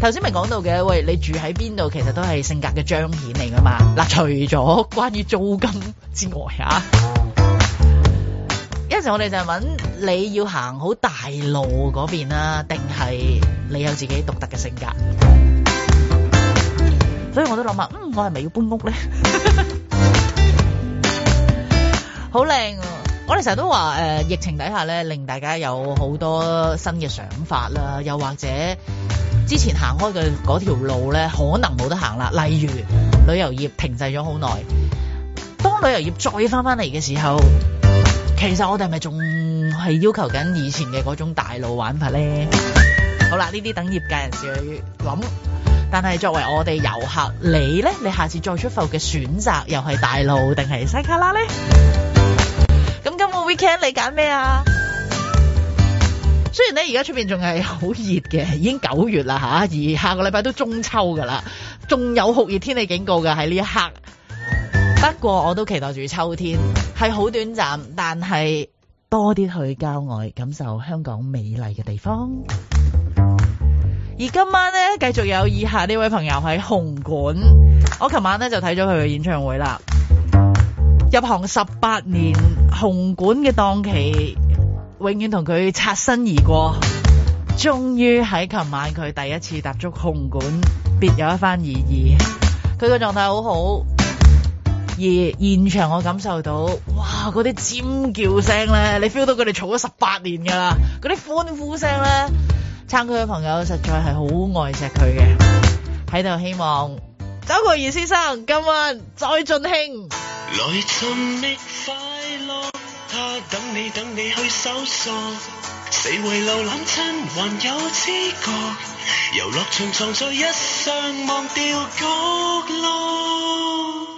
頭先咪講到嘅，喂，你住喺邊度其實都係性格嘅彰顯嚟噶嘛？嗱、啊，除咗關於租金之外吓、啊。我哋就係問你要行好大路嗰邊啦，定係你有自己獨特嘅性格？所以我都諗下，嗯，我係咪要搬屋咧？ 好靚、哦！我哋成日都話，誒、呃，疫情底下咧，令大家有好多新嘅想法啦，又或者之前行開嘅嗰條路咧，可能冇得行啦。例如旅遊業停滯咗好耐，當旅遊業再返返嚟嘅時候。其實我哋係咪仲係要求緊以前嘅嗰種大路玩法咧。好啦，呢啲等業界人士去諗。但係作為我哋遊客，你咧，你下次再出埠嘅選擇又係大路定係西卡啦咧？咁、嗯、今個 weekend 你揀咩啊？雖然咧而家出邊仲係好熱嘅，已經九月啦吓，而下個禮拜都中秋噶啦，仲有酷熱天氣警告噶喺呢一刻。不過我都期待住秋天。係好短暫，但係多啲去郊外感受香港美麗嘅地方。而今晚咧，繼續有以下呢位朋友喺紅館，我琴晚咧就睇咗佢嘅演唱會啦。入行十八年，紅館嘅檔期永遠同佢擦身而過，終於喺琴晚佢第一次踏足紅館，別有一番意義。佢個狀態好好。而現場我感受到，哇，嗰啲尖叫聲咧，你 feel 到佢哋嘈咗十八年噶啦，嗰啲歡呼聲咧，撐佢嘅朋友實在係好愛錫佢嘅。喺度希望周國賢先生今晚再盡興。來尋覓快樂，他等你等你去搜索，四圍瀏覽親還有知覺，遊樂場藏在一生忘掉角落。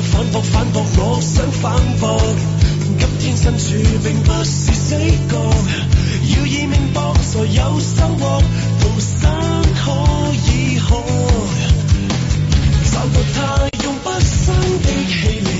反駁反駁，反駁。我想反駁，今天身處並不是死角，要以命搏才有收穫。逃生可以可。找到他用畢生的氣力。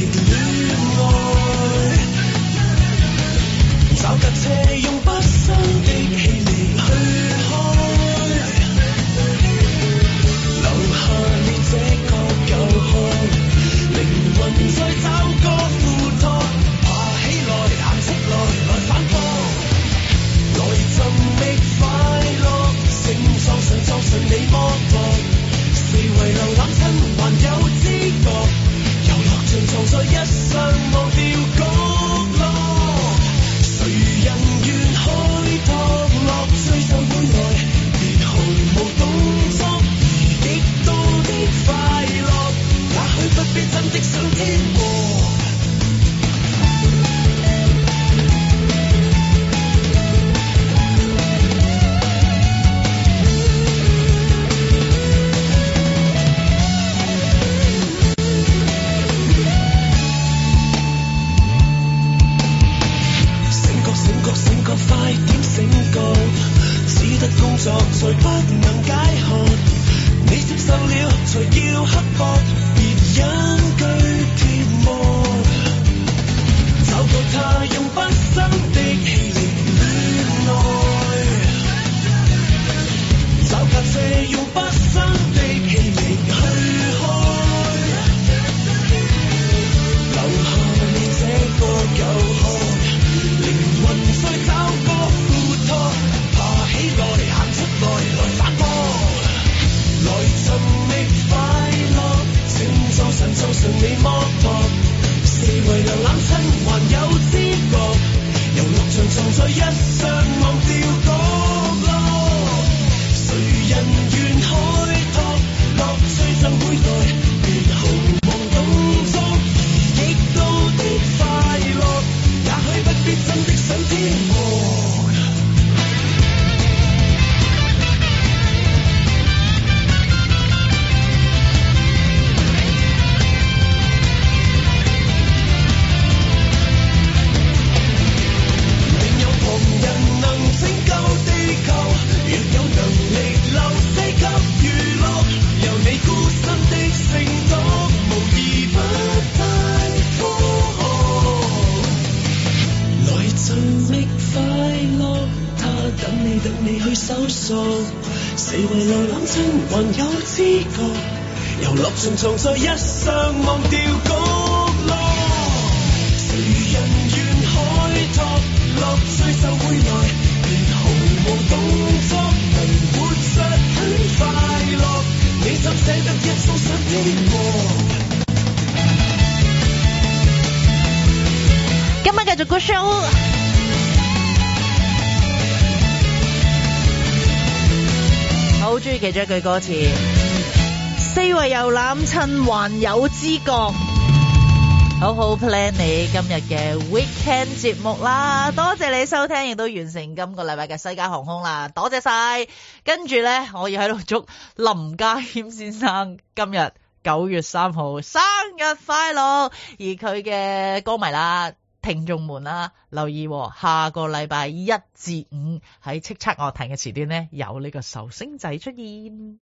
寂寞是為流浪身還有知覺，遊樂場藏在一雙忘掉角落。誰人願去拓落？最憎本來別毫無動作而得的快樂，也許不必真的想天國。嘅歌詞，四位遊覽趁，還有知覺，好好 plan 你今日嘅 weekend 節目啦。多謝你收聽，亦都完成今個禮拜嘅世界航空啦，多謝晒！跟住呢，我要喺度祝林家謙先生今日九月三號生日快樂，而佢嘅歌迷啦。聽眾們啊，留意哦，下個禮拜一至五喺叱咤樂壇嘅時段咧，有呢個壽星仔出現。